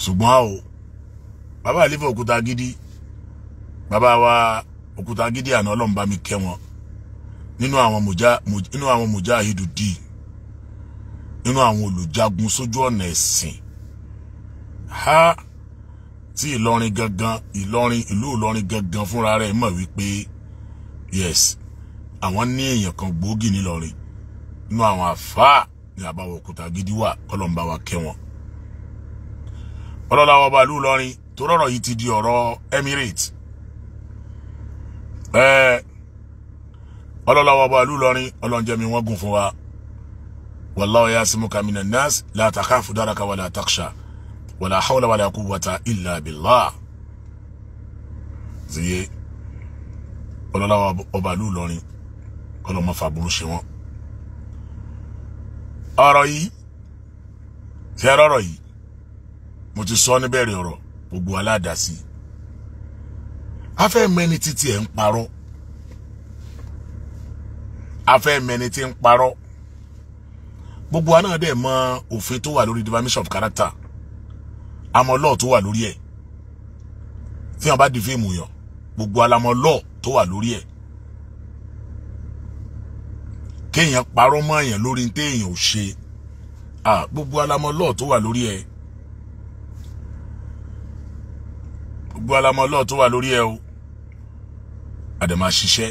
ṣùgbọ́n o bàbá àlefẹ́ òkúta gidi bàbá wa òkúta gidi àná ọlọ́run bá mi kẹ́ wọn nínú àwọn mùjá nínú àwọn mùjá àhídùú díì nínú àwọn olùjagun sójú ọ̀nà ẹ̀sìn ha tí Ìlọrin gangan Ìlọrin ìlú Ìlọrin gangan fúnra rẹ̀ mọ̀ wípé yes àwọn ní èèyàn kan gbòógì nílọrin nínú àwọn àfáà ní àbáwọ̀ òkúta gidi wà kọlọ̀ǹba wa kẹ́ wọn ọlọ́láwọ̀ ọba ìlú Ìlọrin tó rọ̀rọ̀ yìí ti di ọ̀rọ̀ Emirates ọlọ́láwọ̀ ọba ìlú Ìlọrin ọlọ́njẹ́mi wọ́n gùn fún wa wallahu yasimuka minan nas la takhafu daraka wala taksha wala hawla wala quwwata illa billah ziye ololawa ọba ìlú Ìlọrin kọlọmọ fàbúrú ṣe wọn ọ̀rọ̀ yìí ṣe rọrọ yìí mo ti sọ níbẹ̀rẹ̀ ọ̀rọ̀ gbogbo aládàásí afẹ́ mẹni títí ẹ̀ ń parọ́ afẹ́ mẹni tí ń parọ́ gbogbo wa náà dẹ̀ mọ òfin tó wà lórí defamation of character àmọ́ lọ́ọ̀ tó wà lórí ẹ̀ tí wọn bá di fíìmù yàn gbogbo alamọ lọ́ọ̀ tó wà lórí ẹ̀ kéèyàn parọ́ mọ́ èèyàn lórí téèyàn ò ṣe gbogbo alamọ lọ́ọ̀ tó wà lórí ẹ̀ gbogbo alamọ lọ́ọ̀ tó wà lórí ẹ̀ o àdèmà ṣiṣẹ́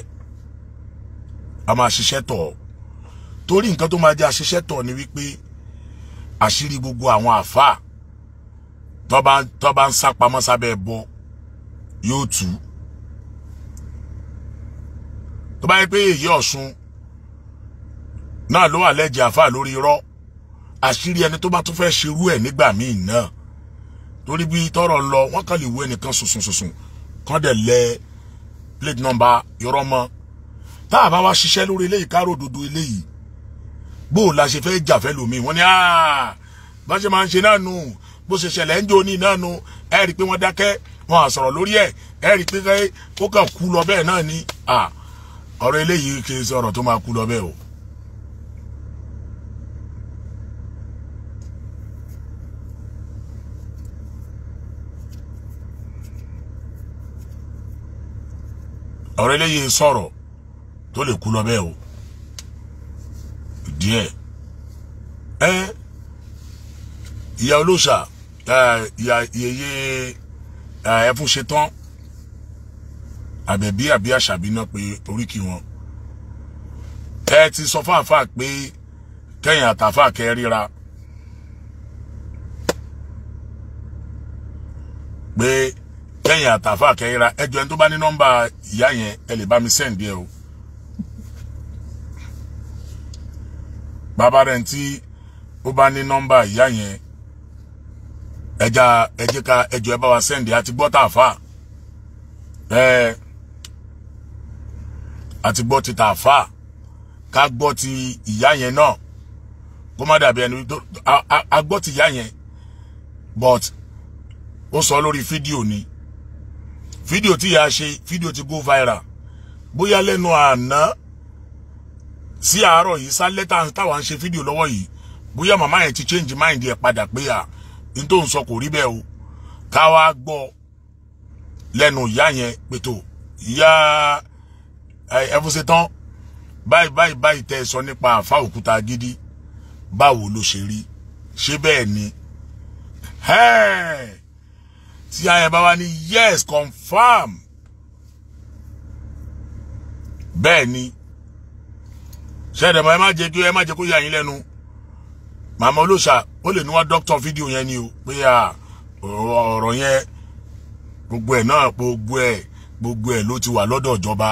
a máa ṣiṣẹ́ tọ̀ ọ́ torí nǹkan tó máa jẹ́ àṣiṣẹ́ tọ̀ ni wípé àṣírí gbogbo àwọn àfáà tó bá ń sá pamọ́ sábẹ́ ẹbọ yóò tú tó bá yẹ pé èyí ọ̀ṣun náà ló wà lẹ́jẹ̀ àfáà lórí irọ́ àṣírí ẹni tó bá tún fẹ́ ṣerú ẹ̀ nígbà míì náà torí bí tọrọ lọ wọn kàn lè wo ẹnìkan sùsùn sùsùn kàn dẹ̀ lẹ plate number yọrọ mọ tá a bá wá ṣiṣẹ́ lórí eléyìí kárò dodo eléyìí bó la ṣe fẹ́ jà fẹ́ lómi wọ́n ní ah, bá ṣe máa ń ṣe náà nù bó ṣe ṣẹlẹ̀ ń jóni náà nù ẹ rí i pé wọ́n dákẹ́ wọn à sọ̀rọ̀ lórí ẹ̀ ẹ rí i pé ó kàn kú lọ bẹ́ẹ̀ náà ni ọ̀rọ̀ eléyìí kì í sọ̀rọ̀ tó máa kú lọ bẹ́ẹ̀ o. ọ̀rọ̀ eléyìí sọ̀rọ̀ tó lè kú lọ bẹ́ẹ̀ o díẹ̀ ẹ ìyá olóòṣà ìyá yeye ẹfún ṣetán àbẹ̀bí àbí àṣàbí náà pé oríkì wọn ẹ ti sọ fáfá pé kẹyìn àtàfà kẹ ríra pé kẹyìn àtàfà kẹ ríra ẹjọ ẹni tó bá ní nọ́mbà ìyá yẹn ẹ lè bá mi sẹ́ǹdì ẹ o. bàbá rẹ̀ tí ó bá ní nọ́mbà ìyá yẹn ẹja ẹjẹka ẹjọ ẹ bá wa sẹ́ndì àti gbọ́ fa, ẹ̀ẹ́ àti gbọ́ ti tààfà ká gbọ́ ti ìyá yẹn náà kó má dàbí ẹni tó a gbọ́ ti ìyá yẹn but ó sọ lórí fídíò ni fídíò tí ìyá ṣe fídíò ti go viral bóyá lẹ́nu àná. No sí àárọ̀ yìí sálẹ́ táwa ń ṣe fídíò lọ́wọ́ yìí bóyá màmá yẹn ti change mind ẹ̀ padà pé à n tó ń sọ kò rí bẹ́ẹ̀ o ká wá gbọ́ lẹ́nu ìyá yẹn pètò ìyá ẹfúnṣetán báyìí báyìí báyìí tẹ́ ẹ sọ nípa àfa òkúta gidi báwo ló ṣe rí ṣé bẹ́ẹ̀ ni tí ayẹyẹ bá wá ní yes confam bẹ́ẹ̀ ni sẹ́dẹ̀mọ́ ẹ má jẹ́ kí ẹ má jẹ́ kó yà yín lẹ́nu màmá olóṣà ó lè ní wá dókítà fídíò yẹn ni o pé ọ̀rọ̀ yẹn gbogbo ẹ̀ náà gbogbo ẹ̀ gbogbo ẹ̀ ló ti wà lọ́dọ̀ ìjọba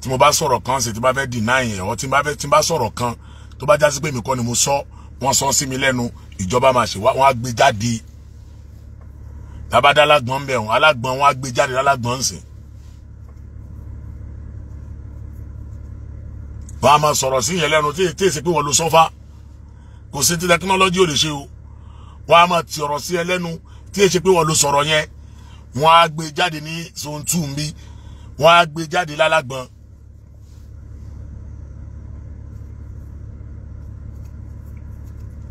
tí mo bá sọ̀rọ̀ kan sì tí bá fẹ́ deny ẹ̀ ọ́ tí bá fẹ́ tí bá sọ̀rọ̀ kan tó bá jásí pé mi kọ́ ni mo sọ wọ́n sọ sí mi lẹ́nu ìjọba máa ṣe wọ́n á gbé jáde labadá alágbọ̀n bẹ̀ alágbọ̀n wọ́n á gbé jáde lálágbọ̀n sìn bá a máa sọ̀rọ̀ sí ìyẹn lẹ́nu tí ètè ìsìnkú wọn ló sọ́fà kò sí ti tẹkinọ́lọ́jì ò lè ṣe o wọ́n á máa ti ọ̀rọ̀ sí ẹ lẹ́nu tí èsì pé wọ́n ló sọ̀rọ̀ yẹn wọ́n á gbé jáde ní zone two wọ́n á gbé jáde lálágbọ́n.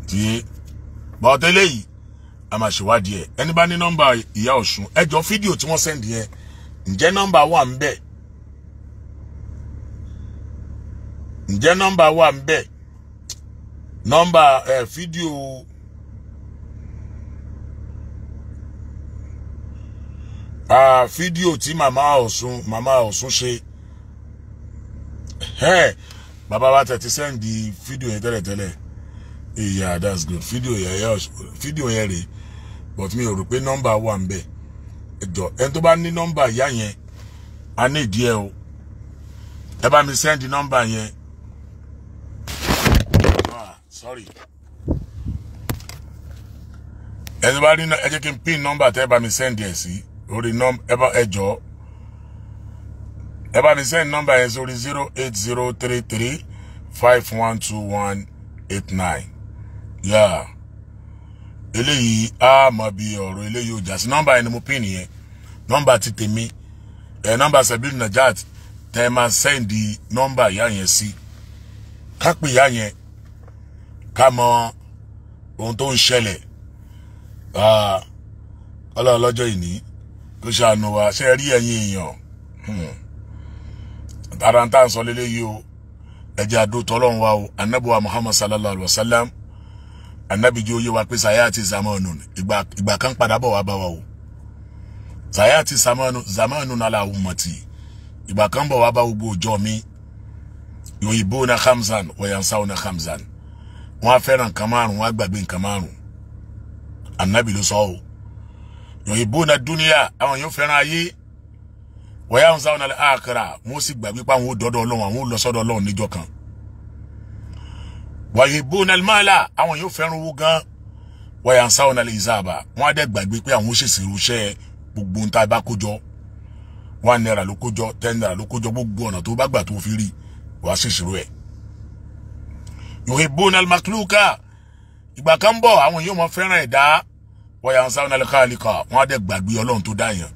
tí bọ́tẹ́lẹ̀ yìí a máa ṣèwádìí ẹ̀ ẹni bá ní nọ́mbà ìyá ọ̀ṣun ẹjọ́ fídíò tí wọ́n sẹ́ndì yẹn ǹjẹ́ nọ́mbà wà ń bẹ́ẹ̀ ǹjẹ́ nọ́mbà wà ń bẹ̀ nọ́mbà ẹ̀ fídíò fídíò tí màmá Ọ̀ṣun màmá Ọ̀ṣun ṣe bàbá wa tẹ̀ ti sẹ́ǹdì fídíò yẹn tẹ́lẹ̀tẹ́lẹ̀ yeah that's good fídíò yẹn fídíò yẹn rèé but mi ò rò pé nọ́mbà wà ń bẹ̀ ẹjọ ẹni tó bá ní nọ́mbà ìyá yẹn a ní ìdí ẹ o ẹ bá mi sẹ́ǹdì nọ́mbà yẹn sorry. Everybody, tó bá rí pin number. tẹ́ ẹ bá mi send ẹ̀ sí orí number. ẹ jọ ẹ bá mi send number. yẹn sí orí zero eight zero three three five one two one eight nine yáa eléyìí á mọ bí ọ̀rọ̀ eléyìí ò jà sí nọ́mbà yẹn ni mo pin yẹn nọ́mbà ti tèmi ẹ nọ́mbà Sabiru Najat tẹ́ ẹ máa send nọ́mbà ìyá yẹn sí kápẹ́ ìyá yẹn ká mọ ohun tó ń ṣẹlẹ̀ kọ́lá ọlọ́jọ́ ìní kó ṣàánú wa ṣe rí ẹ̀yin èèyàn hmm. tara ń tà ń sọ lélẹ́yìí o ẹ̀jẹ̀ àdótọ́ ọlọ́run wa o anábùwà Muhammad sallallahu alayhi wa sallam anabi jẹ́ oyé wa pé sayati zamanu ìgbà ìgbà kan padà bọ̀ wá bá wa o sayati zamanu zamanu nala umati ìgbà kan bọ̀ wá bá gbogbo ọjọ́ mi òyìnbó na hamzan wọ̀yansá na hamzan wọ́n á fẹ́ràn nǹkan márùn wọ́n á gbàgbé nǹkan márùn ànábì ló sọ o yòyìnbó na dúníyà àwọn yóò fẹ́ràn ayé wọ́yà ń sáwọn alẹ́ àkàrà wọ́n sì gbàgbé pé àwọn ò dọ́dọ̀ ọlọ́run àwọn ò lọ sọ́dọ̀ kan wàyìnbó na mọ́àlà àwọn yóò fẹ́ràn owó gan wọ́yà ń sáwọn alẹ́ ìsáàbà wọ́n á dẹ̀ gbàgbé pé àwọn ò ṣèṣì gbogbo ń ta bá kójọ one naira ló kójọ ten naira ló kójọ gbogbo ọ̀nà tó bá gbà tó fi rí wàá ṣèṣirò ẹ̀ yuhibbuna al-makhluqa ìgbà kan bọ̀ àwọn yóò mọ fẹ́ràn ẹ̀dá wa yansawna al-khaliqa wọ́n á dẹ̀ gbàgbé ọlọ́run tó dá yẹn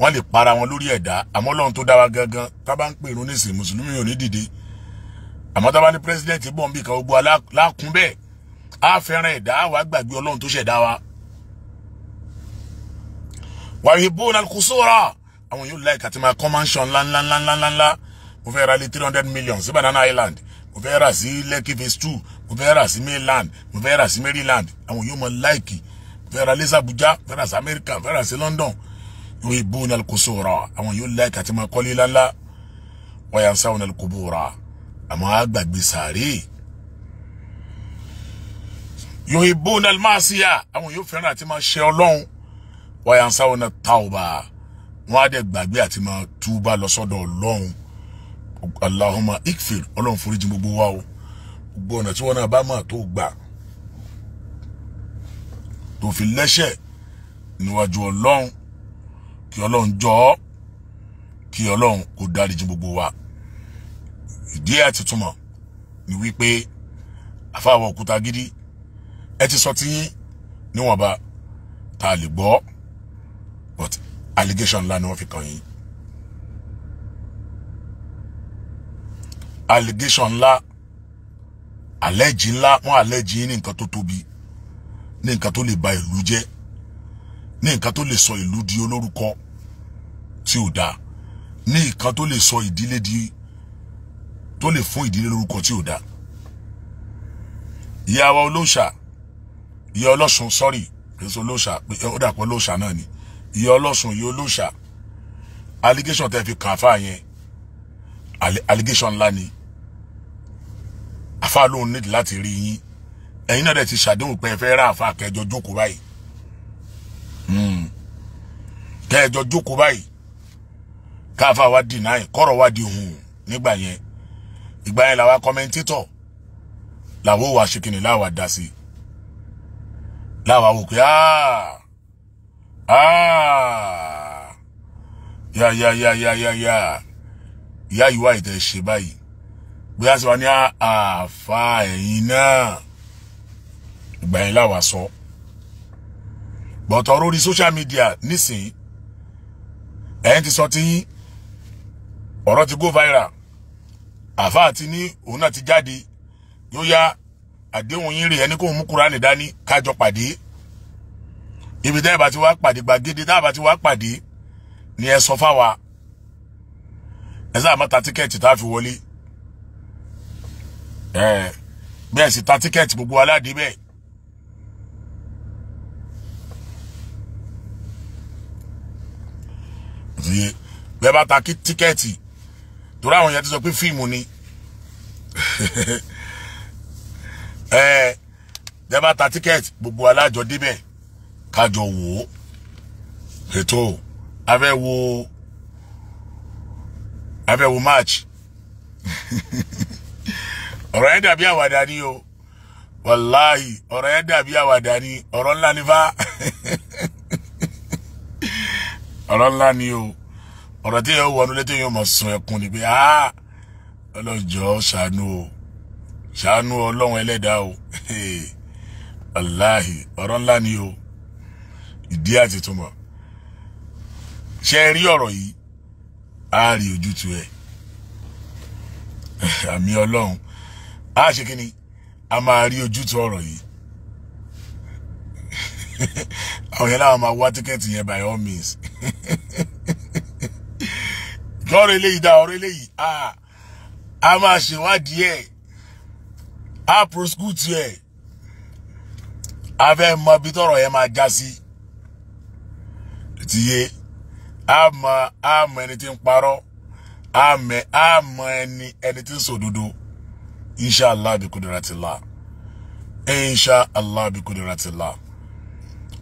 wọ́n lè para wọn lórí ẹ̀dá àmọ́ ọlọ́run tó dá wa gangan tá bá ń pè irun nísìnyí mùsùlùmí ò ní dìde àmọ́ tá bá ní pírẹsidẹ́ǹtì bọ̀ ń bì kan gbogbo alákùn bẹ́ẹ̀ á fẹ́ràn ẹ̀dá wàá gbàgbé ọlọ́run tó ṣẹ̀dá wa. wa yuhibbuna al-qusura àwọn yóò láìka tí máa kọ́ mansion ńláńláńláńláńlá mo fẹ́ ra lé three hundred million sí Banana Island mo fẹ́ rà sí Lekki phase two mo fẹ́ rà sí mainland mo fẹ́ rà sí Maryland àwọn yóò mọ láìkì mo fẹ́ ra lẹ́sà Abuja mo fẹ́ rà sí Amẹ́ríkà mo fẹ́ rà sí London yóò ibú ní alukoso rà àwọn yóò láìkì àti máa kọ́lé lánlá wáyà sáwọn ní alukobo rà àmọ́ àgbàgbé sàárè yóò ibú ní alimásíyà àwọn yóò fẹ́ràn àti máa ṣe ọlọ́run wáyà sáwọn ní tauba wọn á dẹ̀ gbàgbé àti máa túbà lọ ọlọ́run Allahumma ikfir ọlọ́run foríjì gbogbo wa o gbogbo ọ̀nà tí wọ́n náà bá mọ̀ tó gbà tó fi lẹ́ṣẹ̀ níwájú ọlọ́run kí ọlọ́run jọ ọ́ kí ọlọ́run kó dáríjì gbogbo wa ìdí àti túmọ̀ ni wípé àfàwọ̀ òkúta gidi ẹ ti sọ tiyín níwọ̀nba tá a lè gbọ́ but allegation ńlá ni wọ́n fi kàn yín allegation ńlá àlẹ́jì ńlá wọ́n àlẹ́jì ní nǹkan tó tóbi ní nǹkan tó lè ba ìlú jẹ́ ní nǹkan tó lè sọ ìlú di olórúkọ tí ò dáa ní nǹkan tó lè sọ ìdílé di tó lè fún ìdílé lórúkọ tí ò dáa ìyá wa olóòṣà ìyá ọlọ́sùn sọ́rí èso olóòṣà ó dàpọ̀ olóòṣà náà ni ìyá ọlọ́sùn ìyá olóòṣà allegation tẹ́ fi kàn fáà allegation ńlá ni àfa lóun nídìí láti rí yín ẹ̀yin náà dẹ̀ ti ṣàdéhùn pé ẹ fẹ́ rà àfa kẹjọ jókòó báyìí kẹjọ jókòó báyìí káfa wa dì náà kọ́rọ̀ wa di òun nígbà yẹn ìgbà yẹn làwa kọ́mẹ́ntétọ̀ làwọn ò wá ṣèkìnnì láwa dá sí láwa wò pé yá yá yá yá yá ìtẹ̀ ṣe báyìí bóyá sì wá ní àfa ẹ̀yìn náà ìgbà láwa sọ bọ̀tọ̀ lórí social media nísìnyí ẹ̀yìn ti sọ tí ọ̀rọ̀ ti go viral àfa àti ní òun náà ti jáde yóò yá àdéhùn yín rè ẹni kò mú kúránì dání kájọ pàdé ibi tẹ́ ẹ bá ti wá pàdé gbàgede tá a bá ti wá pàdé ni ẹ sọ fáwa ẹ sáà má ta tíkẹ́ẹ̀tì tá a fi wọlé bẹ́ẹ̀ sì ta tíkẹ́ẹ̀tì gbogbo aládìí bẹ́ẹ̀. bẹ́ẹ̀ bá ta tíkẹ́ẹ̀tì torí àwọn èèyàn ti sọ pé fíìmù ni [LAUGHS] bẹ́ẹ̀ bá ta tíkẹ́ẹ̀tì gbogbo alájọ débẹ̀ kájọ wò ó ètò afẹ́ wo afẹ́ wo match. [LAUGHS] ọ̀rọ̀ yẹn dàbí àwàdà ni o wàláhì ọ̀rọ̀ yẹn dàbí àwàdà ni ọ̀rọ̀ ńlá ni fá [LAUGHS] ọ̀rọ̀ ńlá ni o ọ̀rọ̀ tí yẹn wọnú létí yẹn mọ̀ sun ẹkún ni pé áá ọlọ́jọ́ ṣàánú o ṣàánú ọlọ́run ẹlẹ́dàá o [LAUGHS] wàláhì ọ̀rọ̀ ńlá ni o ìdí àti túmọ̀ ṣe rí ọ̀rọ̀ yìí á rí ojútùú ẹ̀ [LAUGHS] àmì ọlọ́run a ṣe kí ni a máa rí ojútùú ọ̀rọ̀ yìí àwọn yẹn láwọn máa wá tíkẹ́ẹ̀tì yẹn by all means lọ́rọ̀ eléyìí dá ọ̀rọ̀ eléyìí a máa ṣèwádìí ẹ̀ a prosecute ẹ̀ a fẹ́ mọ ibi tọ́rọ̀ yẹn máa já sí ti yé a mọ a mọ ẹni tí ń parọ́ a mọ ẹni ẹni tí ń sòdodo insha allah bi kudratillah insha allah bi kudratillah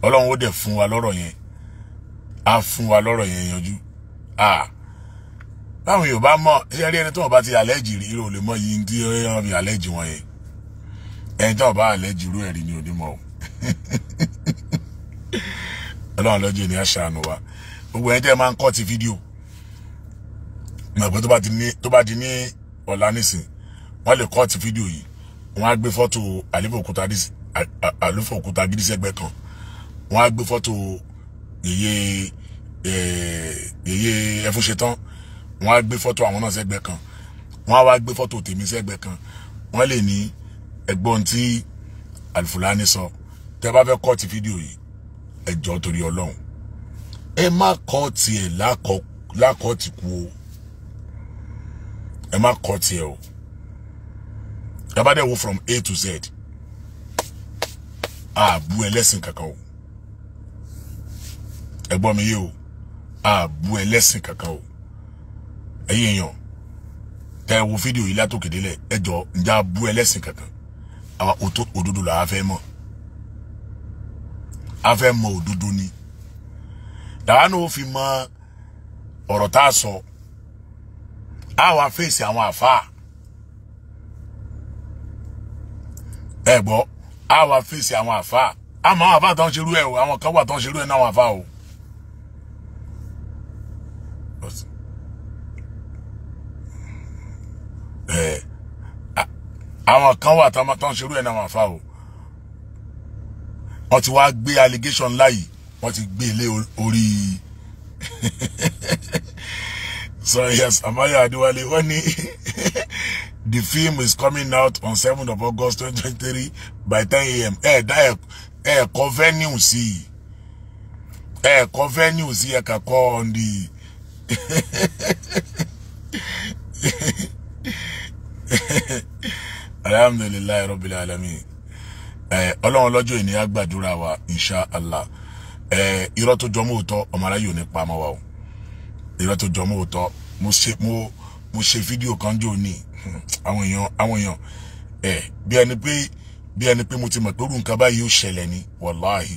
ọlọ́run ó dẹ̀ fún wa lọ́rọ̀ yẹn á fún wa lọ́rọ̀ yẹn yanjú báwọn yorùbá mọ̀ ṣé rí ẹni tó wọn bá ti àlẹ́jì rí irú olè mọ́ yìí tí wọ́n fi àlẹ́jì wọn yẹn ẹni tó wọn bá àlẹ́jì irú ẹ̀rí ni onímọ̀ o ọlọ́run lọ́jọ́ ni aṣàánú wa gbogbo ẹni tẹ́ máa ń kọ́ ti fídíò mọ̀ pé tó bá ti ní ọ̀la nísìn wọ́n lè kọ́ ti fídíò yìí wọ́n á gbé fọ́tò àlùfò òkúta gidi sẹ́gbẹ́ kan wọ́n á gbé fọ́tò yèyé yèyé ẹfúnṣetán wọ́n á gbé fọ́tò àwọn náà sẹ́gbẹ́ kan wọ́n á wá gbé fọ́tò tèmi sẹ́gbẹ́ kan wọ́n lè ní ẹ̀gbọ́n tí Alfulany sọ tẹ́ bá fẹ́ kọ́ ti fídíò yìí ẹ jọ̀ọ́ torí Ọlọ́run ẹ má kọ́ tiẹ̀ lákọ̀ọ́ tìkú o ẹ má kọ́ tiẹ̀ o. gaba da wo from a to z a bu ẹlẹ́sìn kankan o ẹ̀gbọ́n e mi yé a bu ẹlẹ́sìn kankan o ẹ̀yin e èèyàn tẹ wo fídíò yìí látòkèdélẹ̀ a bu ẹlẹ́sìn kankan àwa òdodo là á fẹ́ mọ̀ a fẹ́ mọ̀ òdodo ni làwa náà fi mọ̀ ọ̀rọ̀ tá a sọ a wà fèsì ẹ gbọ́ àwa fèsì àwọn àfa àmọ́ àwọn àfa tó ń ṣerú ẹ̀ o àwọn kan wà tó ń ṣerú ẹ̀ náà àwọn àfa o. àwọn kan wà tó ń ṣerú ẹ̀ náà àwọn àfa o wọ́n ti wá gbé allegation ńlá yìí wọ́n ti gbé ilé orí [LAUGHS] sorry yes Amaya Adéwálé wọ́n ní [LAUGHS] The film is coming out on 7th of August 2023 by 10 a.m. Eh, that eh, eh, venue sí i. Ẹ kọ venue sí ẹ kà kọ on the. [LAUGHS] Alhamdulilayi Rabbil Alamin. Ọlọ́run lọ́jọ́ ìní àgbàdúrà wa insha Allah. Irọ́ tó jọmọ́ òótọ́ ọmọ aráyé ò ní pamọ́ wa o. Irọ́ tó jọmọ́ òótọ́ mo ṣe fídíò kan jò ní àwọn èèyàn àwọn èèyàn ẹ bí ẹni pé bí ẹni pé mo ti mọ̀ pé irú nǹkan báyìí ó ṣẹlẹ̀ ni wàláhì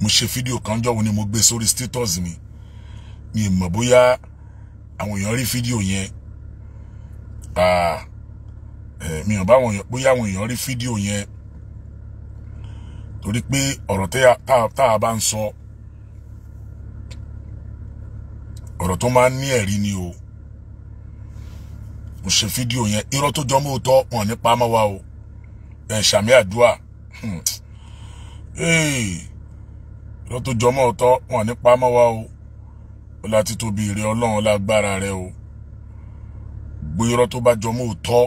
mo ṣe fídíò kan jọ́wọ́ ni mo gbé sórí status mi mi mọ̀ bóyá àwọn èèyàn rí fídíò yẹn mi ò bá àwọn bóyá àwọn èèyàn rí fídíò yẹn torí pé ọ̀rọ̀ tá a bá ń sọ ọ̀rọ̀ tó máa ń ní ẹ̀rí ni o mo ṣe fídíò yẹn irọ́ tó jọ mọ́ọ̀tọ́ wọn nípa mọ́ wa o ẹ̀ ṣàmì àdúrà hmm. irọ́ tó jọ mọ́ọ̀tọ́ wọn nípa mọ́ wa o ọlá títóbi rẹ ọlọ́run lágbára rẹ o gbé irọ́ tó bá jọ mọ́ọ̀tọ́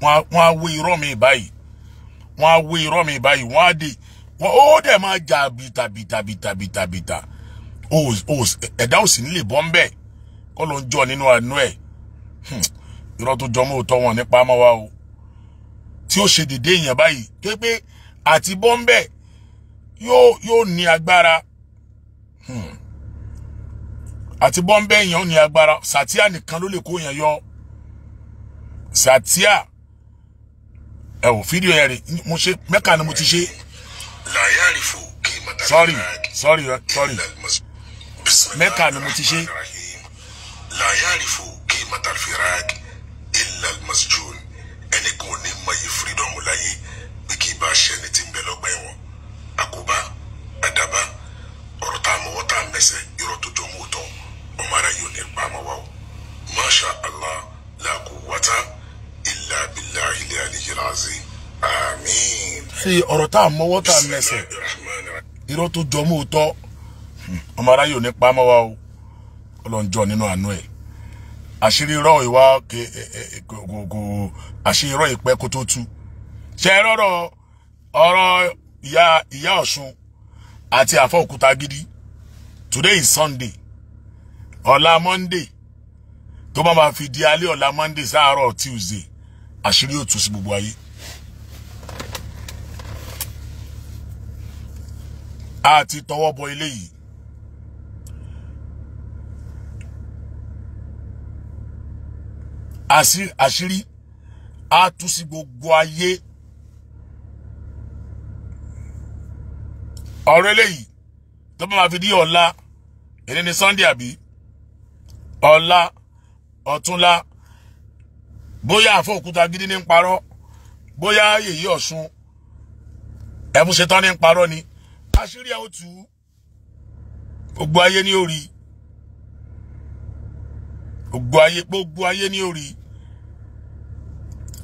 wọn á wé irọ́ mi báyìí wọn á wé irọ́ mi báyìí wọn á dé wọn ó dẹ̀ máa jà bìtàbìtàbìtàbìtàbìtà ẹ̀dá ò sì nílè bọ́ ń bẹ̀ kọ́ ló ń jọ nínú àánú ẹ̀. Hmm irọ́ tó jọmọ́ òótọ́ wọn nípa mọ́ wa o tí ó ṣe dédé èèyàn báyìí tó pé àti bọ́ńbẹ́ yóò yóò ní agbára hmm. àti bọ́ńbẹ́ èèyàn ní agbára sàtíà nìkan ló lè kó èèyàn yọ sàtíà ẹ wò fídíò yẹn rè mo ṣe mẹ́ka ni mo ti ṣe. sorry sorry uh, sorry mẹ́ka ni mo ti ṣe ilal masjun ẹnìkan ò ní mọyì freedom láyé bí kì í bá ṣe ẹni tí ń bẹ lọ́gbà ẹ̀wọ̀n àkóbá àdàbà ọ̀rọ̀ tá a mọwọ́ tá a mẹsẹ̀ irọ́ tó jọ mú tán ọmọ ara yóò ní pa àmọ́ wa o masha allah la quwwata illa billahi al-aliyyil azim àmín. ṣe ọ̀rọ̀ tá a mọwọ́ tá a mẹsẹ̀ irọ́ tó jọ mú ọmọ ara yóò ní pa àmọ́ wa o ọlọ́njọ́ nínú àánú ẹ̀ àṣírí irọ́ ìwà e, e, e, gògògò àṣírí irọ́ ìpẹ́ kó tó tú ṣe rọ́rọ̀ ọ̀rọ̀ ìyá ìyá ọ̀ṣun àti àfọ òkúta gidi today is sunday ọ̀la monday tó bá máa fi di alẹ́ ọ̀la monday sáàárọ̀ tuesday àṣírí ó tú sí gbogbo ayé. a ti tọwọ́ bọ eléyìí àṣírí á tú sí gbogbo ayé ọ̀rọ̀ eléyìí tó bá máa fi di ọ̀la èdè ní Sunday àbí ọ̀la ọ̀túnla bóyá àfọ òkúta gidi ní ń parọ́ bóyá yèyí ọ̀ṣun ẹ̀mú ṣetán ní ń parọ́ ni àṣírí ẹ̀ ó tú gbogbo ayé ní orí gbogbo ayé gbogbo ayé ní orí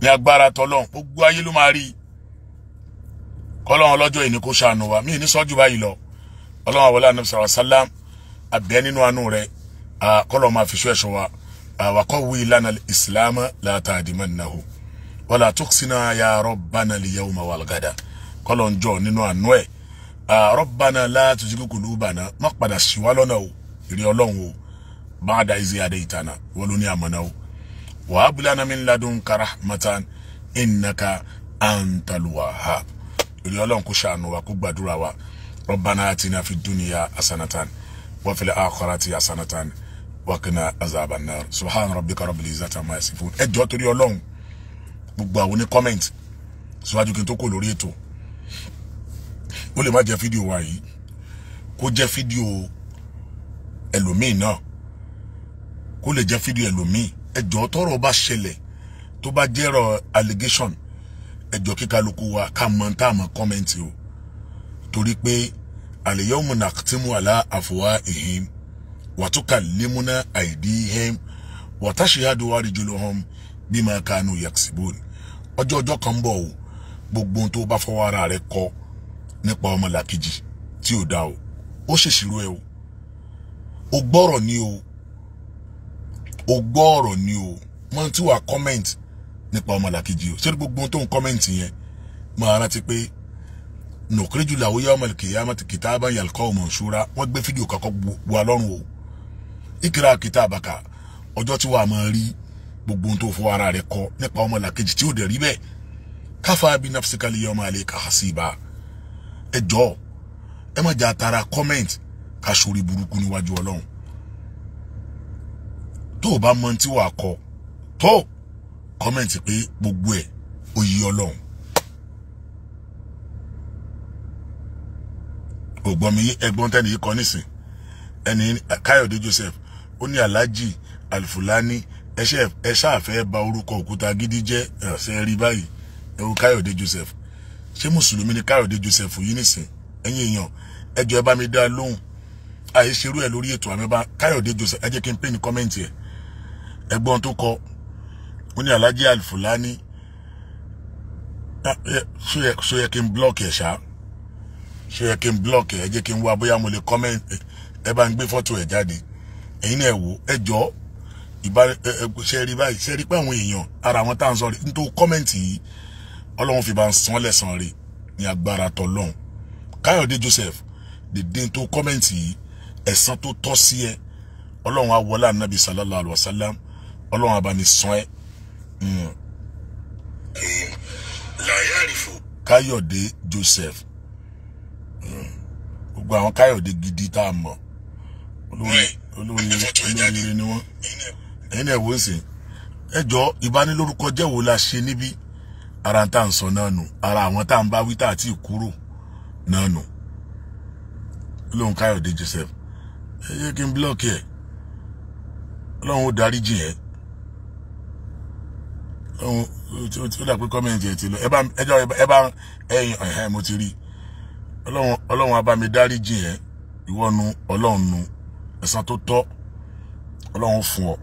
ní agbára tọlọ́run gbogbo ayé ló máa rí i kọ́lọ́run ọlọ́jọ́ ìní kó ṣàánú wa mí ní sọ́jú báyìí lọ ọlọ́run àwọn ọlọ́run sọ̀rọ̀ sálám abẹ́ nínú àánú rẹ̀ kọ́lọ́run máa fi ṣú ẹ̀ṣọ́ wa àwàkọ́ wí lánàá ìsìlámà látà àdìmọ́ nìyàwó wọ́n là tóksinà ya rọ́bánà lìyàwó máa wà lọ́gàdà kọ́lọ́run jọ nínú àánú ẹ̀ rọ́bánà látùjíkú kùlùbànà má padà ṣìwá lọ́nà o ìrì ọlọ́run o bá a ìzí adé ìtànà wọ́n ló ní àmọ́ná o wa abulana min ladunka rahmatan innaka antal wahhab ìlú ọlọ́run kó ṣàánú wa kó gbàdúrà wa rabbana atina fid dunya hasanatan wa fil akhirati hasanatan wa qina azaban nar subhana rabbika rabbil izzati amma yasifun ẹ jọ̀ọ́ torí ọlọ́run gbogbo àwọn ní comment síwájú kí n tó kò lórí ètò ó lè má jẹ́ fídíò wa yìí kó jẹ́ fídíò ẹlòmíì náà kó lè jẹ́ fídíò ẹlòmíì ẹjọ́ tọrọ bá ṣẹlẹ̀ tó bá jẹ́rọ̀ allegation ẹjọ́ kíkálukú wa ká mọ tá a mọ kọ́mẹ́ǹtì o torí pé al-yawma nakhtimu watu afwahihim wa tukallimuna aydihim wa tashhadu arjuluhum bima kanu yaksibun ọjọ́ ọjọ́ kan bọ̀ o gbogbo ohun tó bá fọwọ́ ara rẹ kọ nípa ọmọlàkejì tí ò dá o ó ṣèṣirò ẹ o ó ni o o gbọ́ ọ̀rọ̀ ni o wọ́n ti wà comment nípa ọmọlàkejì o ṣé gbogbo ohun tó ń comment yẹn máa rántí pé nùkúrẹ́jù làwọn yá ọmọlùkì yá ọmọ kìtà bá yàlùkọ́ ọmọ ìṣúra wọ́n gbé fídíò kankan wa lọ́rùn o ìkìlá kìtà àbàkà ọjọ́ tí wàá máa rí gbogbo ohun tó fọ ara rẹ kọ nípa ọmọlàkejì tí ó dẹ̀ rí bẹ́ẹ̀ káfa bí nafsikali yọmọ alẹ́ kàhásíbà ẹ jọ̀ọ́ ẹ má jà tara comment ká sórí burúkú níwájú ọlọ́run tó o bá mọ tí wàá kọ tó kọ́mẹ̀ntì pé gbogbo ẹ̀ ó yí ògbọ́n mi ẹgbọ́n tẹ́ni yìí kọ nísìn ẹni Káyọ̀dé Joseph ó ní Alhaji Alfulani ẹ ṣáàfẹ́ ba orúkọ òkúta gidi jẹ́ ẹ̀sẹ̀ rí báyìí ẹ̀rù Káyọ̀dé Joseph ṣé mùsùlùmí ni Káyọ̀dé Joseph yìí nísìn ẹ̀yin èèyàn ẹjọ́ ẹ bá mi dá lóhùn àìṣerú ẹ̀ lórí ètò àmẹ́bá Káyọ̀dé Joseph ẹ jẹ́ kí n pè ní kọ́mẹ́ǹtì ẹ̀ ẹ̀gbọ́n tó kọ ó ní Alhaji Alfulani ah, eh, ṣó yẹ kí n blọọkì ẹ ṣá ṣó yẹ kí n blọọkì ẹ jẹ́ kí n wá bóyá mo lè kọmẹǹt ẹ bá ń gbé fọ́tò ẹ jáde ẹ̀yin náà wò ẹ jọ ṣe rí báyìí ṣe rí pé àwọn èèyàn ara àwọn tá à ń sọ rí nítorí kọmẹǹtì yìí Ọlọ́run fi bá ń san lẹ́san rí ní agbára tọlọ́run Káyọ̀dé Joseph dèdè tó kọmẹǹtì yìí ẹ̀san tó tọ́ sí ẹ Ọlọ́run á wọlé ànábì sallallahu wa sallam ọlọ́run àbá ni sàn ẹ́. Hmm. káyọ̀dé joseph hmm. gbogbo àwọn káyọ̀dé gidi tá a mọ̀ olóríire ni wọ́n ẹ̀yin náà wò ó sìn ẹjọ́ ìbanilórúkọ jẹ́ wo la ṣe níbí ara tá à ń sọ náà nù ara àwọn tá à ń bá wí tá à ti kúrò náà nù olóhùn káyọ̀dé joseph ẹ yẹ kí n búlọ̀kì ẹ̀ ọlọ́run ó dáríjì ẹ́ ohun tí ó dà pé kọ́mẹ̀ntì ẹ̀ ti lọ ẹ bá ẹjọ́ ẹ bá ẹyin ẹ̀hẹ́ mo ti rí ọlọ́run á bá mi dáríjì ẹ ìwọ nu ọlọ́run nu ẹ̀san tó tọ́ ọlọ́run fún ọ.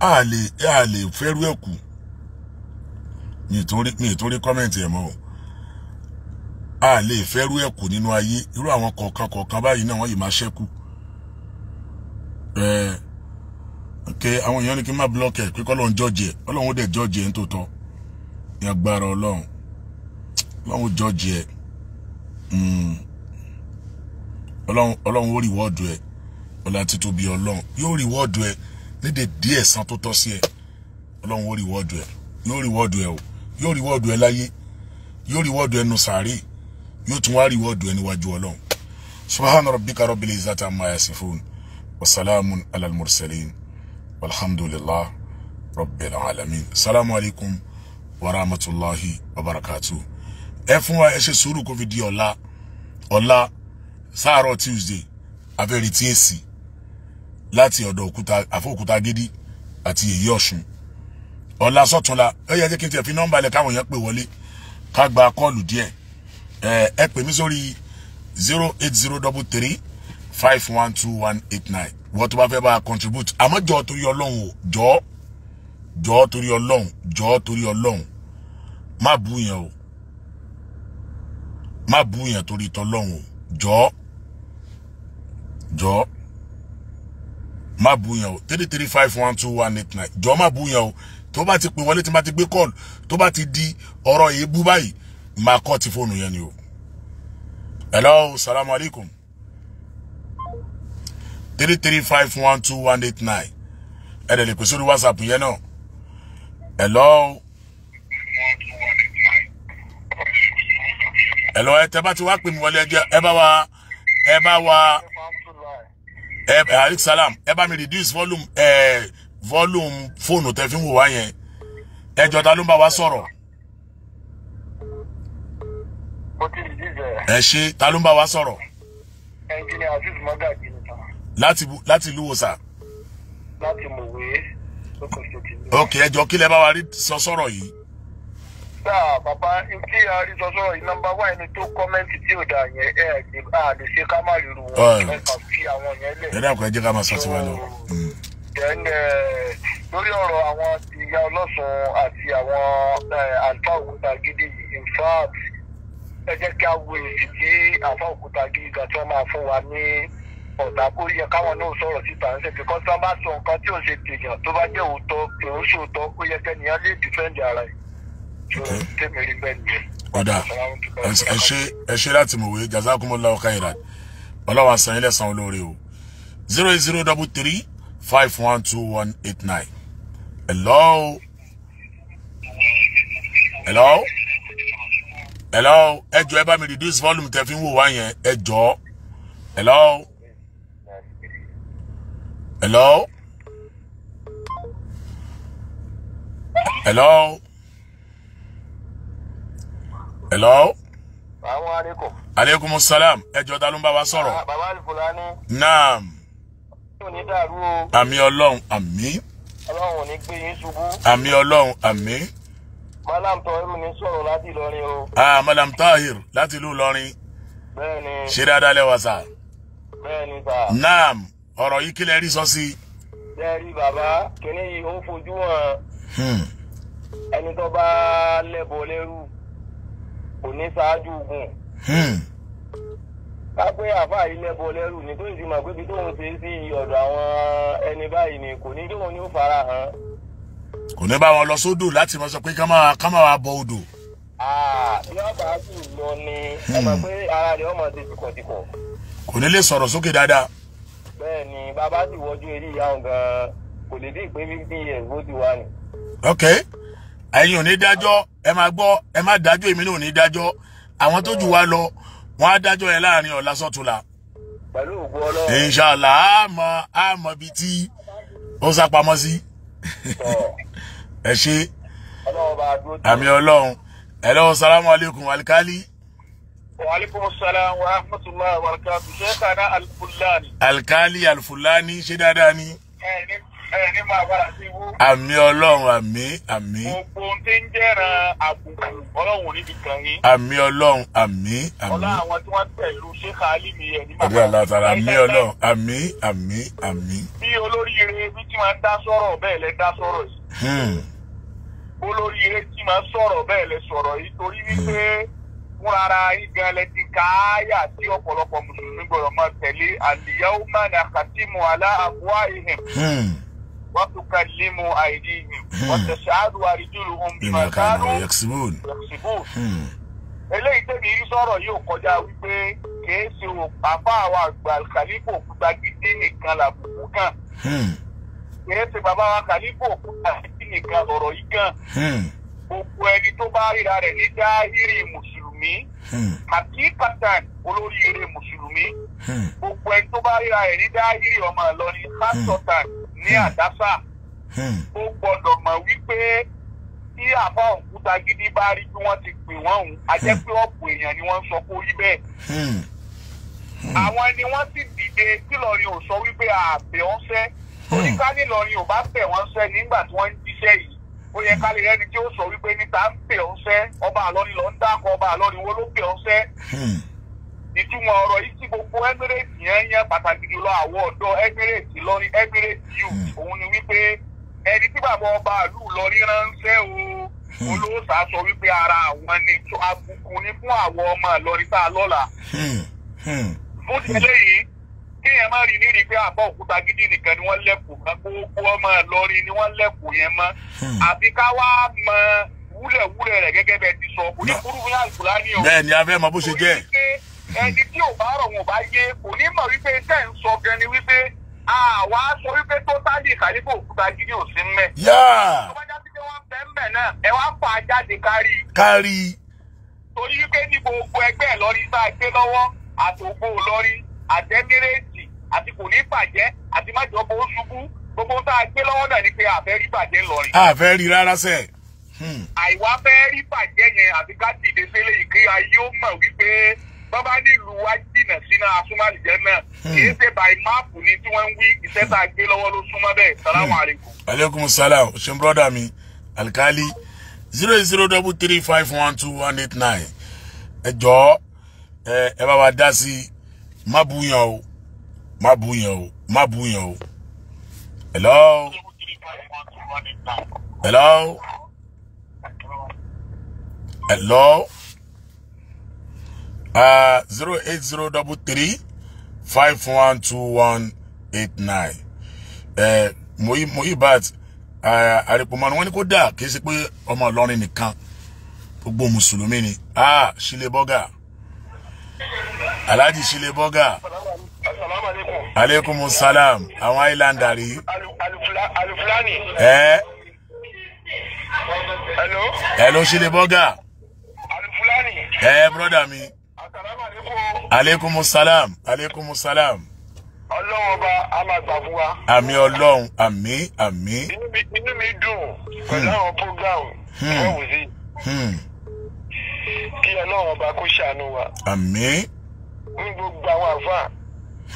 a lè a lè fẹ́rú ẹ̀ kù mi ì tún rí kọ́mẹ̀ntì ẹ̀ mọ́ o a lè fẹ́rú ẹ̀ kù nínú ayé irú àwọn kọ̀ọ̀kan kọ̀ọ̀kan báyìí náà wọ́n yìí máa ṣẹ́kù. ẹ̀ẹ́ ok àwọn èèyàn ní kí n má blọọkì ẹ pé kọ́lọ́hún jọ́ọ̀jì ẹ ọlọ́hún ó dẹ̀ jọ́ọ̀jì ẹ ń tòótọ́ ní agbára ọlọ́hún ọlọ́hún jọ́ọ̀jì ẹ ọlọ́hún ó rìwọ́ọ̀dù hmm. ẹ ọlá títóbi ọlọ́hún yóò rìwọ́ọ̀dù ẹ nídè díẹ̀ san tó tọ́ sí ẹ ọlọ́hún ó rìwọ́ọ̀dù ẹ yóò rìwọ́ọ̀dù ẹ o yóò rìwọ́ọ̀dù ẹ láyé yóò rìwọ́ọ̀dù ẹ nù sàárè yóò tún wá rìwọ́ọ̀dù ẹ níwájú ọlọ́hún subhana rabbika rabbil izzati amma yasifun wa salamun alal mursalin walhamdulillah rabbil alamin salamu alaykum wa rahmatulahi wa barakatuh ẹ fún wa ẹ ṣe sùúrù kó fi di ọ̀la ọ̀la sáàárọ̀ tuesday abẹ́rẹ́ tí èsì láti ọ̀dọ̀ òkúta àfọ̀òkúta gidi àti èyí ọ̀ṣun ọ̀la sọ̀túnla ẹ yẹ jẹ́ kí n tiẹ̀ fi nọ́mbà lẹ̀ káwọn èèyàn pè wọlé ká gba kọ́ọ̀lù díẹ̀ ẹ pè mí sórí zero eight zero double three five one two one eight nine wọ́n tó bá fẹ́ bá contribute àmọ́ jọ torí ọlọ́run o jọ jọ torí ọlọ́run jọ torí ọlọ́run má bú yẹn o má bú yẹn torí tọlọ́run o jọ jọ má bú yẹn o three three five one two one eight nine jọ má bú yẹn o tó bá ti pè wọlé tí n ti gbé kọ́ọ̀lù tó bá ti di ọ̀rọ̀ èébú báyìí máa kọ́ ti fóònù yẹn ni o. hello salamu three three five one two one eight nine ẹ dẹ̀ lè pèsè orí whatsapp yẹn náà hello. hello ẹ tẹ́ bá ti wá pè mí wọlé ẹjẹ ẹ bá wa ẹ bá wa ẹ alik salam ẹ bá mi reduce volume ẹ volume fóònù tẹ́ fi ń wò wá yẹn ẹ jọ ta ló ń bá wa sọ̀rọ̀. ẹ ṣe ta ló ń bá wa sọ̀rọ̀. ẹnjìnìà aziz magaji láti láti ìlú wo láti mọ̀wé lókè ṣèkì. ok ẹjọ kí lẹ bá wa rí sọ sọ̀rọ̀ yìí. sáà bàbá tí a rí sọ sọ̀rọ̀ yìí nọ́mbà wà ẹni tó kọ́mẹ́ǹtì tí ò dà yẹn ẹ ẹ lè ṣe ká má ríru wọn ẹ kàn fi àwọn yẹn lẹ̀. ẹ dákun ẹ jẹ́ ká máa sọ sí wa lọ. Eh, lórí ọ̀rọ̀ àwọn ìyá ọlọ́sùn àti àwọn eh, àlùfáà òkúta gidi yìí in fact ẹ jẹ́ kí a wo èsì tí àlùfáà òkúta gidi gàtọ́ máa fún wa ní ọ̀tà kó yẹ káwọn náà sọ̀rọ̀ síta ń ṣe bíkọ́ tí wọ́n bá sọ nǹkan tí ò ṣe tèèyàn tó bá jẹ́ òótọ́ èèyàn ṣe òótọ́ ó yẹ kẹ́niyàn lè dìfẹ́ǹdì ara ẹ̀ tó tèmi rí bẹ́ẹ̀ nìyẹn. ọ̀dà ẹ ṣe ẹ ṣe láti mọ̀ wé jazakumullahu khairan ọlọ́wà san ilẹ̀ san olóore o zero eight zero double three five one two one eight nine hello hello hello ẹ jọ̀ọ́ ẹ bá mi reduce volume tẹ́ fi ń wò wá yẹn ẹ jọ̀ọ́ hello. Hello? Hello? Hello? Àwọn aleykum. Aleykum salam. Ẹjọ́ ta ló ń bá wa sọ̀rọ̀? Ah, Bàbá Alifulani. Naam. Mi ò ní dàrú o. Àmì Ọlọ́run, àmì. Ọlọ́run ò ní gbé yín ṣubú. Àmì Ọlọ́run, àmì. Malam Tahir ní sọ̀rọ̀ láti Ìlọrin o. Ah, Malam Tahir láti ìlú Ìlọrin. Bẹ́ẹ̀ni. Ṣé dáadáa lẹ́wà sá? Bẹ́ẹ̀ni sá. Naam ọ̀rọ̀ yìí kílẹ̀ rí sọ sí. lẹ́rí bàbá kínní yìí ó fojú hàn hmm. ẹni tó bá lẹ́bọ̀ lẹ́rù kò ní ṣáájú ogun. Hmm. kápẹ́ àfáà yìí lẹ́bọ̀ lẹ́rù ní tó mọ̀ pé bí tóun ṣe sí ọ̀dọ̀ àwọn ẹni báyìí ni kò ní kí wọn ní ó fara hàn. kò ní bá wọn lọ sódò láti máa sọ pé ká máa bọ odò. yóò bá a lọ ni ẹ mọ̀ hmm. pé ara rẹ̀ ọmọ ti tìkọ̀tìkọ̀. kò ní lè sọ̀rọ̀ sókè dáadáa bẹ́ẹ̀ ni bàbá sì wọ́jú eré ìyá gan-an kò lè bí ìpè fifty years ó ti wà ní. ok ẹ̀yin ò ní dájọ́ ẹ máa gbọ́ ẹ má dájọ́ èmi náà ò ní dájọ́ àwọn tó jù wá lọ wọ́n á dájọ́ yẹn láàrin ọ̀la sọ́túnla. pẹ̀lú ògbó ọlọ́run. inṣàlá àmọ́ àmọ́ bíi tí ó sápamọ́ sí. ẹ ṣe àmì ọlọ́run ẹ lọ́wọ́ sálámù aleykum alikali. Wàhálíkùmù sàlám wa rahmatullahi wa barakatuh. Ṣé kàná alfulani? Alkali Ẹni máa bára sí wú. Àmì ọlọ́run àmì àmì. Gbogbo ohun tí ń jẹ́ran àbùkù ọlọ́run níbi kan yín. Àmì ọlọ́run àmì àmì. Ọlá àwọn tí wọ́n pẹ̀lú ṣé kàálì ẹni máa bára. Àbí Allah àmì ọlọ́run àmì àmì àmì. Bí olóríire bí tí máa dá sọ̀rọ̀ bẹ́ẹ̀ lẹ dá sọ̀rọ̀ yìí. Hmm. Olóríire tí máa sọ̀rọ̀ bẹ́ẹ̀ lẹ sọ̀rọ̀ yìí torí wípé. Hmm fún ara yín gan lẹ ti ka áyà tí ọ̀pọ̀lọpọ̀ mùsùlùmí gbọ́dọ̀ máa tẹ̀lé àlìyáwó máa ní àkàtìmù aláàbúwá ìhìn wọ́n tún ká límù àìdí ìhìn wọ́n tẹ̀ ṣáàdù àrídùrù ohun bí màá kánú eléyìí tẹ̀mí rí sọ̀rọ̀ yóò kọjá wípé kìí ṣe àfa àwọn àgbà kàlífò gbàgídé nìkan làbùkù kan hmm. kìí ṣe bàbá wa kàlífò gbàgídé nìkan lọ̀rọ̀ yìí kan hmm. gbogbo ẹni mùsùlùmí àkíkàtà hmm. olóríire mùsùlùmí hmm. gbogbo ẹni tó bá ríra ẹ̀rí dáhìrì ọmọ ìlọrin hmm. hásọ̀tà ní àdásà ó gbọ́dọ̀ mọ̀ wípé tí àbá òkúta gidi bá rí bí wọ́n ti pè wọ́n òun a jẹ́ pé ọ̀pọ̀ èèyàn ni wọ́n ń sọ kó rí bẹ́ẹ̀ àwọn ni wọ́n sì dìde tí lọ́rin ò sọ wípé àbẹ̀ ọ́sẹ́ oníkálí lọ́rin ò bá bẹ̀ wọ́n sẹ́ nígbà tí wọ́n ń jíṣẹ́ yìí ó yẹ kárí ẹni tí ó sọ wípé níta ń pè ọ́ sẹ́ ọba àlọ́ni lọ ń dákọ̀ ọba àlọ́ni wo ló pè ọ́ sẹ́ hmm. ìtumọ̀ ọ̀rọ̀ yìí tí gbogbo Emirates yẹn yẹn pàtàkì jùlọ àwọn ọdọ Emirates Ìlọrin Emirates youth hmm. òun ni wípé ẹni tí bàbá ọba àlù Ìlọrin ránṣẹ́ o hmm. olóòsà sọ wípé ara àwọn ni àbùkù ni fún àwọn ọmọ Ìlọrin tá a lọ́la fún ti eléyìí kéèyàn má rí nírí pé àbọ̀ òkúta gidi nìkan ni wọ́n lẹ́kùn kan gbogbo ọmọ Ìlọrin ni wọ́n lẹ́kùn yẹn mọ́ hmm. àfi ká wá mọ wúlẹ̀wúlẹ̀ rẹ̀ gẹ́gẹ́ bẹ́ẹ̀ ti sọ kò ní kúrú fún àlùkùrá ni o. bẹ́ẹ̀ ni a fẹ́ mọ bó ṣe jẹ́. ẹni tí ò bá rọ̀ wọn bá yé kò ní mọ̀ wípé tẹ̀ ń sọ gan ni wípé àwa sọ wípé tó tálì kàlífò òkúta gidi ò sí mẹ́. yáà. tó bá jáde pé wọ́n fẹ́ mẹ́ náà ẹ wá fà á jáde kárí. kárí. torí wípé ní gbogbo ẹgbẹ́ Ìlọrin tá a gbé lọ́wọ́ àtògbò Ìlọrin àtẹ́gẹ́rẹ́ àti kò ní bàjẹ́ àti má jọ bó ṣubú gbogbo tá a gbé lọ́wọ́ náà ni pé àfẹ́ rí bàjẹ́ ńlọrin. àfẹ́ rí rárá sẹ́ẹ̀. Hmm. àìwá fẹ́ rí bàjẹ́ yẹn àti ká ti dé sílé yìí kí ayé ó mọ̀ wípé bábá nílùú wa jìnnà sínú asúmọ̀lìjẹ́ náà hmm. kì í ṣe by map ni tí wọ́n ń wí iṣẹ́ tá a gbé lọ́wọ́ ló súnmọ́ bẹ́ẹ̀ hmm. salamu alaykum. aleykum salaam ṣe ń brọ́dà mi alikali zero zero double three five one two one eight nine ẹ jọ̀ọ́ ẹ bá wa dá sí má bú yàn o má bú yẹn o má bú hello. hello. hello. Uh, zero eight zero double three five one two one eight nine. Uh, Muyibat uh, Aripomanu wọ́n ní kó dáa kì í ṣe pé ọmọ Ìlọrin nìkan gbogbo mùsùlùmí ni. Ah, Ṣílẹ̀ Bọ́gà. Alhaji Ṣílẹ̀ Bọ́gà aleykum salam àwọn islander rí. alifulani. ẹ. hello. hello ṣílẹ̀ bọ́gà. alifulani. ẹ broda mi. aleykum salam aleykum salam. ọlọ́run ọba a máa gbà fún wa. àmì ọlọ́run àmì àmì. inú mi dùn pẹ̀lú hmm. àwọn program fẹ́wù hmm. sí. Hmm. kí ọlọ́run ọba kó ṣàánú wa. àmì. ní gbogbo àwọn àfáà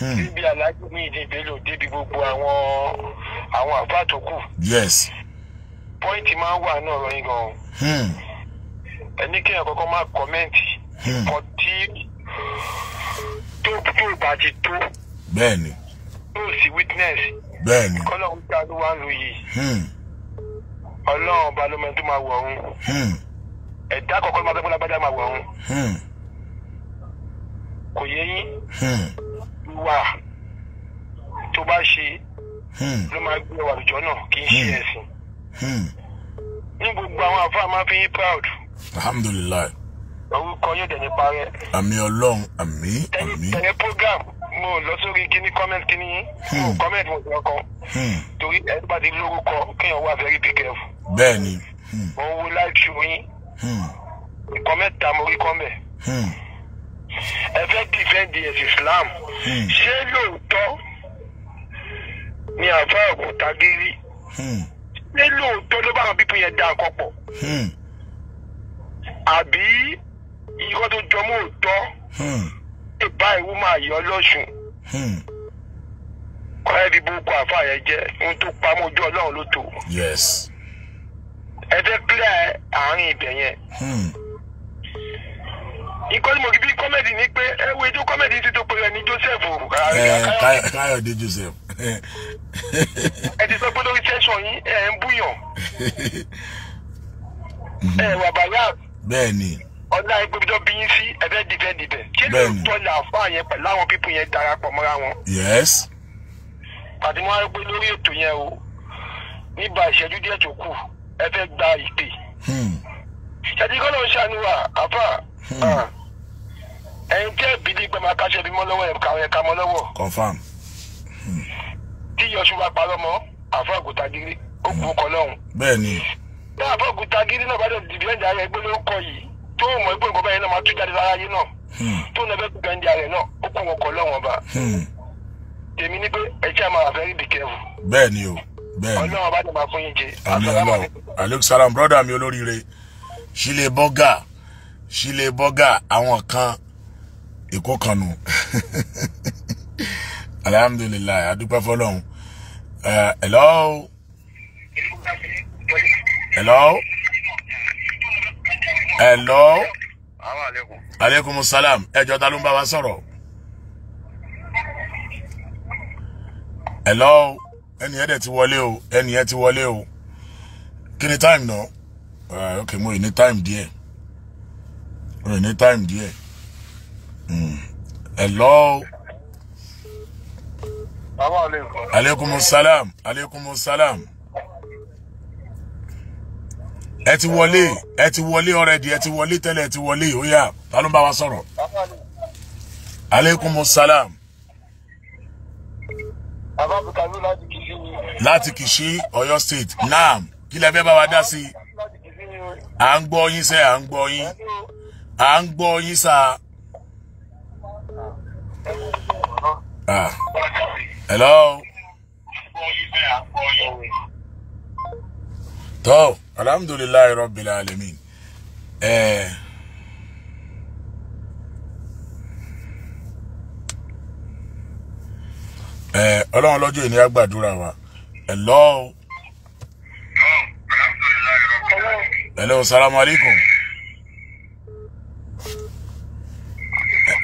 débi hmm. alájú mi ìdìbò lò débi gbogbo àwọn àwọn àfa tó kù. yes. pọ́ìntì máa ń wà náà ọ̀rọ̀ yín gan-an. Hmm. ẹni kéèyàn kọ́kọ́ máa hmm. kọ́mẹ́ǹtì. kọ́ tí tó tó bá ti tó. bẹ́ẹ̀ni. yóò sí witness. bẹ́ẹ̀ni. kọ́lọ́ ń ta ló wá ń lu yìí. ọlọ́run balùwẹ̀ tó máa wọ̀ ọ́n. ẹ̀dá kọ̀ọ̀kan ló máa fẹ́ fún lágbájá máa wọ̀ ọ́n. kò yẹ yín wà tó bá ṣe hmm. ló máa gbé ẹwà àwùjọ náà kì í ṣe hmm. ẹ̀sìn hmm. ní gbogbo àwọn àfáà máa fi yín proud. alhamdulilayi. orúkọ yóò dẹ̀ ní parẹ́. àmì ọlọ́run àmì àmì. tẹ̀lé program mo lọ sórí kíní comment kíní yín comment mo sọ kan torí ẹni bá ti lórúkọ kéèyàn wà very be careful. bẹ́ẹ̀ni. mo wo live show yín nǹkan mẹ́ta mo rí kọ́ mẹ́ ẹ fẹ́ dìfẹ́ǹdì Islam hmm. ṣé lóòótọ́ ni àfa Ògúntagìrì hmm. ṣé lóòótọ́ ló bá àwọn pípín yẹn dá àkọ́pọ̀ hmm. àbí ìkọ́ tó jọmọ́ òótọ́ lè bá ìwú máa yọ lọ́sùn kọ́lá ibi burúkú àfa yẹn jẹ́ ohun tó pamọ́ ojú ọlọ́run ló tó ẹ fẹ́ kílẹ̀ àárín ibẹ̀ yẹn ikọ́ ni mo bí kọ́mẹ́dì ni pé ẹ wo ijó kọ́mẹ́dì ti tó pé ẹni Joseph o. Káyọ̀dé Joseph. [LAUGHS] ẹ ti sọ pé lórí sẹ́sọ̀n yín ẹ ń búyàn. [LAUGHS] ẹ wà bàbá. bẹ́ẹ̀ni. ọ̀la ìgbẹ́jọ́ bí yín sí ẹ̀fẹ́ dìbẹ́ dìbẹ́. ṣé lóòótọ́ là fún àyẹn pẹ̀lú àwọn pípù yẹn darapọ̀ mọ́ra wọn. yes. pàdé wọn á pé lórí ètò yẹn o nígbà ìṣẹ́jú díẹ̀ tó kù ẹ fẹ́ gba ìpè. Hmm. ṣètìkọ́ ló ń ṣàánú wa Hmm. ẹ̀yin tí ẹ bìlí pé máa káṣẹ́ bí mọ́ lọ́wọ́ ẹ̀ka ẹ̀ka mọ́ lọ́wọ́. confam. tí hmm. yọṣu bá parọ́ mọ́ àfọ́ ó kú ọkọ̀ hmm. lọ́hùn. bẹ́ẹ̀ni. ní àfọ́ ògùtà gírí náà bá dẹ̀ dìbí ẹ̀jẹ̀ ayẹ gbé lórúkọ yìí tó mọ̀ ẹgbẹ́ ìgbọ́bá yẹn náà máa tún jáde lára yé náà tó ń lẹ́bẹ̀ẹ́ gbẹ̀ǹ di ààrẹ náà ó kú ọkọ̀ lọ́hùn ọba. tèmi ni pé ẹ̀jẹ̀ máa very be careful. bẹ́ẹ̀ni o bẹ́ẹ̀ni. ọlọ́run bá ṣílẹ̀ bọ́gà àwọn kan èkó kan nù [LAUGHS] alhamdulilayi adúpẹ́ fọlọ́hún eh, hello hello hello aleykum salam ẹjọ ta ló ń bá wa sọ̀rọ̀ hello ẹni ẹ̀ dẹ̀ ti wọlé o ẹni ẹ̀ ti wọlé o kí ni time náà eh, ok mo ì ní time díẹ̀. Anytime, time díẹ̀ hmm. hello. bàbá aleykum. aleykum salam aleykum salam. ẹ ti wọlé ẹ ti wọlé already ẹ ti wọlé tẹ́lẹ̀ ẹ ti wọlé ó yá ta ló ń bá wa sọ̀rọ̀. aleykum salam. láti kìsí. láti state naam kí lẹ fẹ́ bá wa dá sí à ń gbọ́ yín sẹ́ à ń gbọ́ yín à ń gbọ́ yín sá. hello. tó alhamdulilayi rabbil alamin. Eh, ọlọ́run lọ́jọ́ ìní àgbàdúrà wa hello. hello salamu alaikum.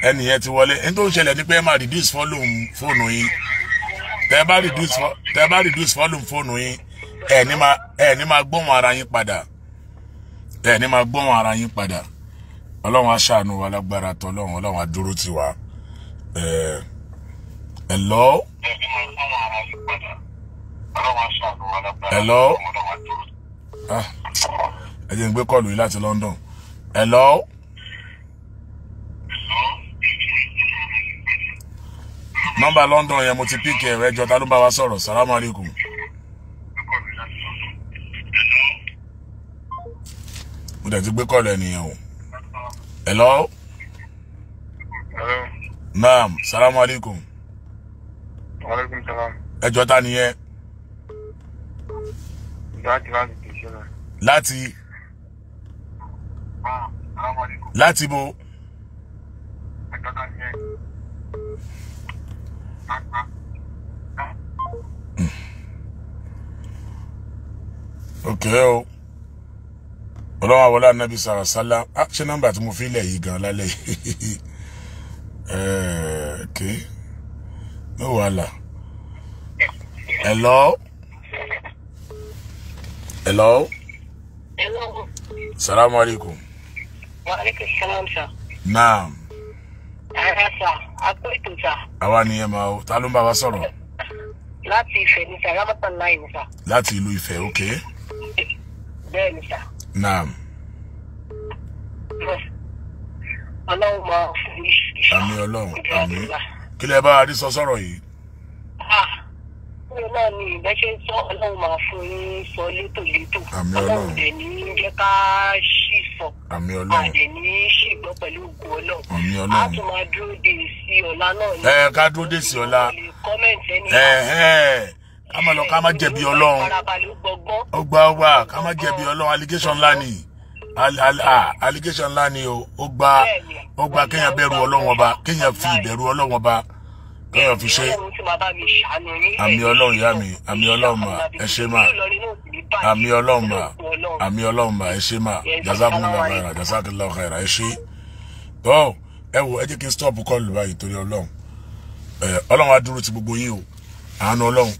ẹnì yẹn ti wọlé ní tó ni pé ẹ máa reduce volume fóònù yín tẹ ẹ bá reduce volume fóònù yín ẹ ní máa ẹ ní máa gbóhùn ara yín padà ẹ ní máa gbóhùn ara yín padà ọlọ́run aṣàánú wa lágbára tọ́ ọlọ́run ọlọ́run adúró ti wá ẹ ẹ lọ. ẹ ẹ jẹ́ n gbé kọ́ọ̀lù yìí láti London. ẹ nọ́mbà London yẹn mo ti píkì ẹ̀rọ ẹjọ́ ta ló bá wa sọ̀rọ̀ salamu alaikum. mo dẹ̀ ti gbé kọ́ọ̀lù ẹnìyẹn o. hello. hello. naam salamu alaikum. alaikum salam. ẹjọ́ ta nìyẹn. láti láti kìí ṣe láti. Ah, láti bo. Ok, o ọlọ́wọ́ àwọn anábì sàrà sálá á ah, ṣe nọ́mbà tí mo fi lẹ̀ yìí gan lálẹ́ yìí [LAUGHS] eh, ké no wàhálà hello hello salamu alaikum. wa alaikum salam sir. naam. ara sa àpò ètò sà. àwa nìyẹn máa o ta ló ń bá wa sọ̀rọ̀. láti Ifẹ̀ ní sà ramatan láì ní sà. láti ìlú Ifẹ̀ ok. bẹ́ẹ̀ ni sà. naam. ọlọ́run máa fún mi. àmín ọlọ́run àmín kí lè bá adé sọ sọ̀rọ̀ yìí. Ọlọ́run náà ni ìbẹ́ ṣe ń sọ Ọlọ́run máa fún yín sọ létòlétò. Àmín Ọlọ́run. Ọlọ́run dẹ̀ ní jẹ́ ká ṣì sọ. Àmín Ọlọ́run. Àdẹ̀ ní ṣ gbọ́ pẹ̀lú ògo ọlọ́run. àmì ọlọ́run. a tún máa dúró de sí ọ̀la náà. ẹ ká dúró de sí ọ̀la. ká má lọ ká má jẹ̀bi ọlọ́run. ó gbà ó ká má jẹ̀bi ọlọ́run allegation ńlá ni allegation ńlá ni ó gbà ó gbà kéèyàn bẹ̀rù ọlọ́run ọba kéèyàn fi ìbẹ̀rù ọlọ́run ọba kéèyàn fi ṣe. àmì ọlọ́run yá mi àmì ọlọ́run mà ẹ ṣe máa àmì ọlọ́run mà àmì ọlọ́run mà ẹ ṣe máa jazakumullahu khaira jazakallahu khaira ẹ ṣe bọ́ọ̀ ẹ wo ẹ jẹ́ kí n stop kọ́ọ̀lù báyìí torí ọlọ́run ọlọ́run á dúró ti gbogbo yín o àánú ọlọ́run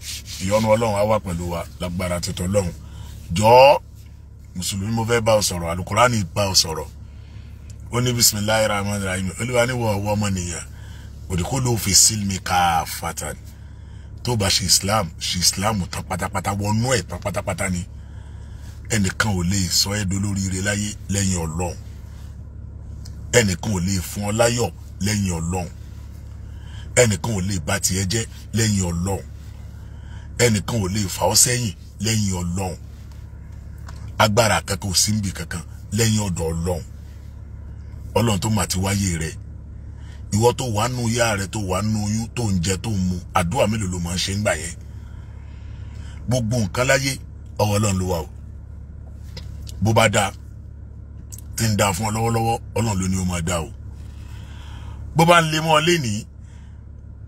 ìyọ́nú ọlọ́run á wà pẹ̀lú wa lágbára títọ́ ọlọ́run jọ̀ọ́ mùsùlùmí mo fẹ́ bá ọ sọ̀rọ̀ alukurani bá ọ sọ̀rọ̀ ó ní bisimilayi rahman rahim olúwa ní wọ́ọ̀ wọ́ọ́ mọ̀nìyàn òdìkó ló fi sílmi káfàtà tó bá ṣe islam ṣe islam tán pátápátá wọnú ẹ̀ tán pátápátá ni ẹnìkan ò lè sọ ẹ́ dolóríire láyé lẹ́yìn ọlọ́run ẹnìkan ò lè fún ọ láyọ̀ lẹ́yìn Ọlọ́run ẹnìkan ò lè bà tiẹ̀ jẹ́ lẹ́yìn Ọlọ́run ẹnìkan ò lè fà ọ́ sẹ́yìn lẹ́yìn Ọlọ́run agbára kankan ò sí níbi kankan lẹ́yìn ọ̀dọ̀ Ọlọ́run Ọlọ́run tó mà ti wáyé rẹ ìwọ tó wà nù yá rẹ tó wà nù oyún tó ń jẹ tó ń mu àdúrà mélòó ló máa ń ṣe ńgbà yẹn gbogbo nǹkan láyé ọwọ́ Ọlọ́run ló wà o bó bá dáa tí ń da fún ọ lọ́wọ́lọ́wọ́ ọlọ́run ló ní o máa dá o bó bá ń lè mọ́ ọ lénìí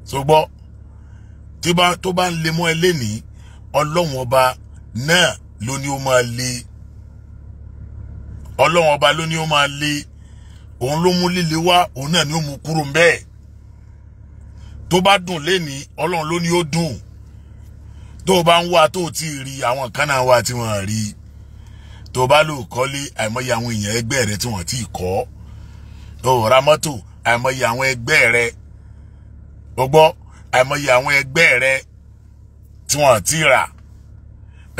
tó gbọ́ tó bá ń lè mọ́ ẹ lénìí ọlọ́run ọba náà ló ní o máa lè ọlọ́run ọba ló ní o máa lè òun ló mú líle wá òun náà ni ó mú kúrò mbẹ́ẹ̀ tó bá dùn lénìí ọlọ́run ló ní ó dùn tó o bá ń wá tó o ti rí àwọn kan náà wá tí wọ́n rí i tó bá lò kọ́lé àìmọye àwọn èèyàn ẹgbẹ́ rẹ tí wọ́n ti kọ́ tó ra mọ́tò àìmọye àwọn ẹgbẹ́ rẹ gbogbo àìmọye àwọn ẹgbẹ́ rẹ tí wọ́n ti rà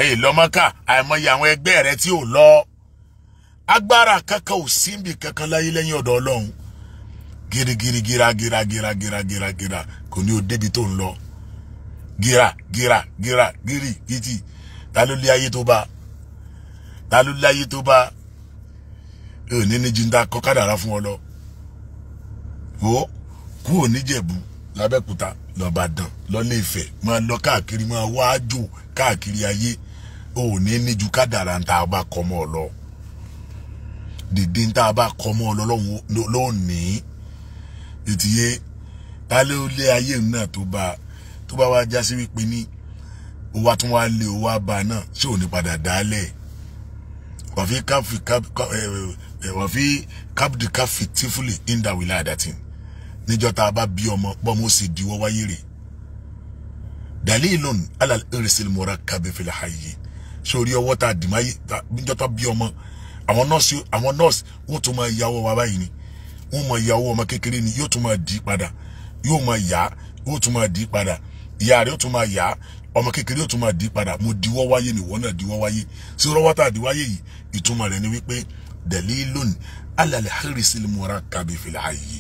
èyí lọ́mọ́kà àìmọye àwọn ẹgbẹ́ rẹ tí ò lọ agbára kankan ò síbi kankan láyé lẹ́yìn ọ̀dọ̀ ọlọ́run gírígírígíra gíragíragíragíragíra kò ní o débi tó ń lọ gíra gíra gíra gírí gítì ta ló lé ayé tó bá a ta ló láyé tó bá ò ní ní jíńdá kọ kádàrá fún ọ lọ ó kú ò níjẹ̀bú lábẹ́kúta lọ́bàdàn lọ́lé Ifẹ̀ máa lọ káàkiri máa wáájò káàkiri ayé ò ní ní ju kádàrá tá a bá kọ mọ́ ọ lọ dìde tá a bá kọ mọ́ ọ lọ lónìí ètìyé ta ayé náà tó bá tó bá wá já wípé ní ó tún wá lé ó wá náà ṣé ò ní padà dálẹ̀ wafi kafi kap eh, eh, wafi kapdi kafi tifuli inda wìlà àdàtìn níjọ́ tá a bá bí ọmọ bọ́mọ sì diwọ́ wáyé rè dalilun alal irisil murakkabi fil hayyi sórí ọwọ́ tá a dì máyé níjọ́ tá a bí ọmọ àwọn nọ́ọ̀sì àwọn nọ́ọ̀sì wọ́n tún máa yàwó wa báyìí ni wọ́n máa yàwó ọmọ kékeré ni yóò tún máa dì í padà yóò máa yá yóò tún máa dì í padà ìyá rẹ̀ yóò tún máa yá ọmọ kékeré yóò tún máa dì í padà mo diwọ́ wáyé ni wọ́n náà diwọ́ wáyé sí rọ́wọ́ tá a di wáyé yìí ìtumọ̀ rẹ̀ ni wípé dalilun alal harisil murakkabi fil hayyi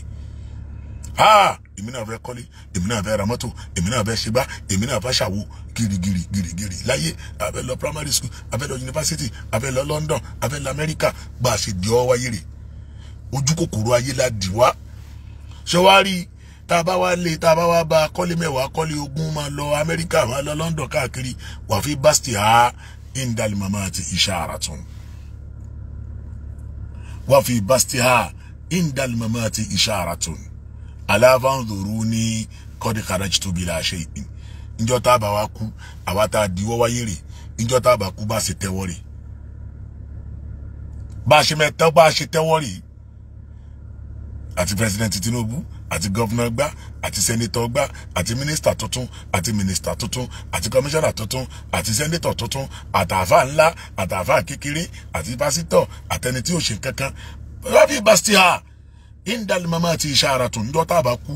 ha èmi náà fẹ́ kọ́lé èmi náà fẹ́ ra mọ́tò èmi náà fẹ́ ṣebá èmi náà fẹ́ ṣàwo girigiri girigiri láyé abẹ́ lọ primary school abẹ́ lọ yunifásitì abẹ́ lọ London abẹ́ lọ Amẹ́ríkà bá a ṣe di ọ́ wáyé rè ojú kòkòrò ayé la dì wá ṣé wàá rí i tá a bá wá lé tá a bá wá ba kọ́lé mẹ́wàá kọ́lé ogún máa lọ Amẹ́ríkà máa lọ London káàkiri wàá fi basti ha indal mama àti iṣẹ́ àràtún. وفي بسطها عند الممات إشارة ألا فانظروني قد خرجت بلا شيء ìjọ tá a bá wa kú àwa tá a diwọ́ wáyé rè ìjọ tá a bá kú bá a ṣe tẹ́wọ́ rè bá a ṣe mẹ́tọ́ bá Tinubu àti gọ́fúnà gbá àti sẹ́nitọ̀ gbá àti mínísítà tuntun àti mínísítà tuntun àti kọmíṣánná tuntun àti sẹ́nitọ̀ tuntun àtàfà ńlá àtàfà kékeré àti pásítọ̀ àtẹni tí ò ṣe kankan rabi bastia indal mama ti iṣara tó ń dọ́tà bá kú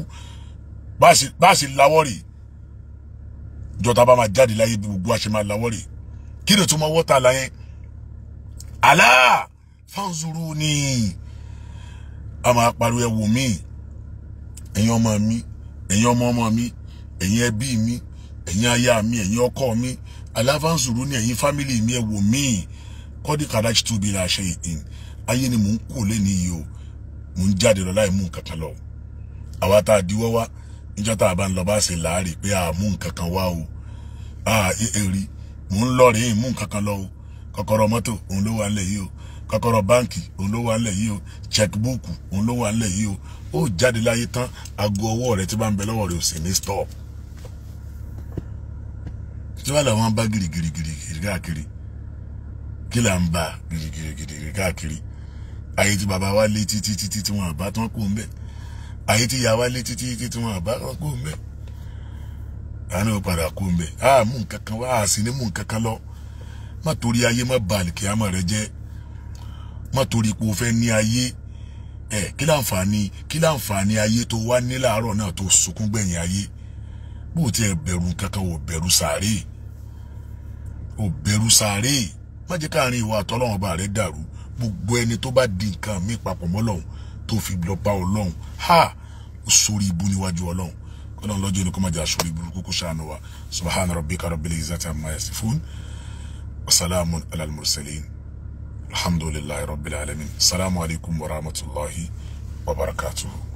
bá a sì lawọ́ rè jọta bá máa jáde láyé gbogbo àṣẹ máa lawọ́ rè kí ni tó mọ wọ́ta láyé àlá fanzuru ni a máa pariwo ẹ wò míì ẹ̀yin ọmọ mi ẹ̀yin ọmọ ọmọ mi ẹ̀yin ẹbí mi ẹ̀yin aya mi ẹ̀yin ọkọ mi aláfáàsùrù ni ẹ̀yin fámìlì mi ẹ wò mí kọ́dí kàdájú tó bí ra ṣe ayé ni mò ń kó lẹ́ni yìí o mò ń jáde lọ láì mú nǹkan kan lọ àwa tá a diwọ́ wá níjọ́ tá a bá ń lọ bá ṣe láàárì pé a mú nǹkan kan wá o a èrì mò ń lọ rèé mú nǹkan kan lọ o kọ́kọ́rọ́ mọ́tò òun ló wà nílẹ̀ yìí o kọ́kọ́rọ́ báǹkì òun ló wà nílẹ̀ yìí o checkbook òun ló wà nílẹ̀ yìí o ó jáde láyé tán aago ọwọ́ rẹ tí bá ń bẹ lọ́wọ́ rẹ ò sì ní stop tí wàá làwọn bá girigirigiri káàkiri kí là ń bá girigirigiri káàkiri ayé tí bàbá wa lé títí títí tí wọn àbá tán kó ń bẹ ayé tí ìyá wa lé títí títí tí wọn àbá tán kó ń bẹ àánú padà kó ń bẹ àá mú nǹkan kan wá àsìn ní mú nǹkan kan lọ má torí ayé má ba àlìkè àmọ́ rẹ jẹ́ má torí pé fẹ́ ní ayé ẹ kí láǹfààní kí láǹfààní ayé tó wá ní láàárọ̀ náà tó sunkún gbẹ̀yìn ayé bó o tiẹ̀ bẹ̀rù kankan ò bẹ̀rù sàárè ò bẹ̀rù sàárè má jẹ́ káàrin ìwà àtọ́lọ́wọ́n bá rẹ dàrú gbogbo ẹni tó bá di nǹkan mí papọ̀ mọ́lọ́hún tó fi lọ bá ọlọ́hún ha o sórí ibú níwájú ọlọ́hún kọ́lọ́hún lọ́jọ́ inú kó má jẹ́ àsórí burúkú kó ṣàánú wa subahana rabbika rabbil izzati amma yasifun alal mursalin alhamdulilayi rabbil alamin salamu alaykum wa rahmatulahi wa barakatuhu.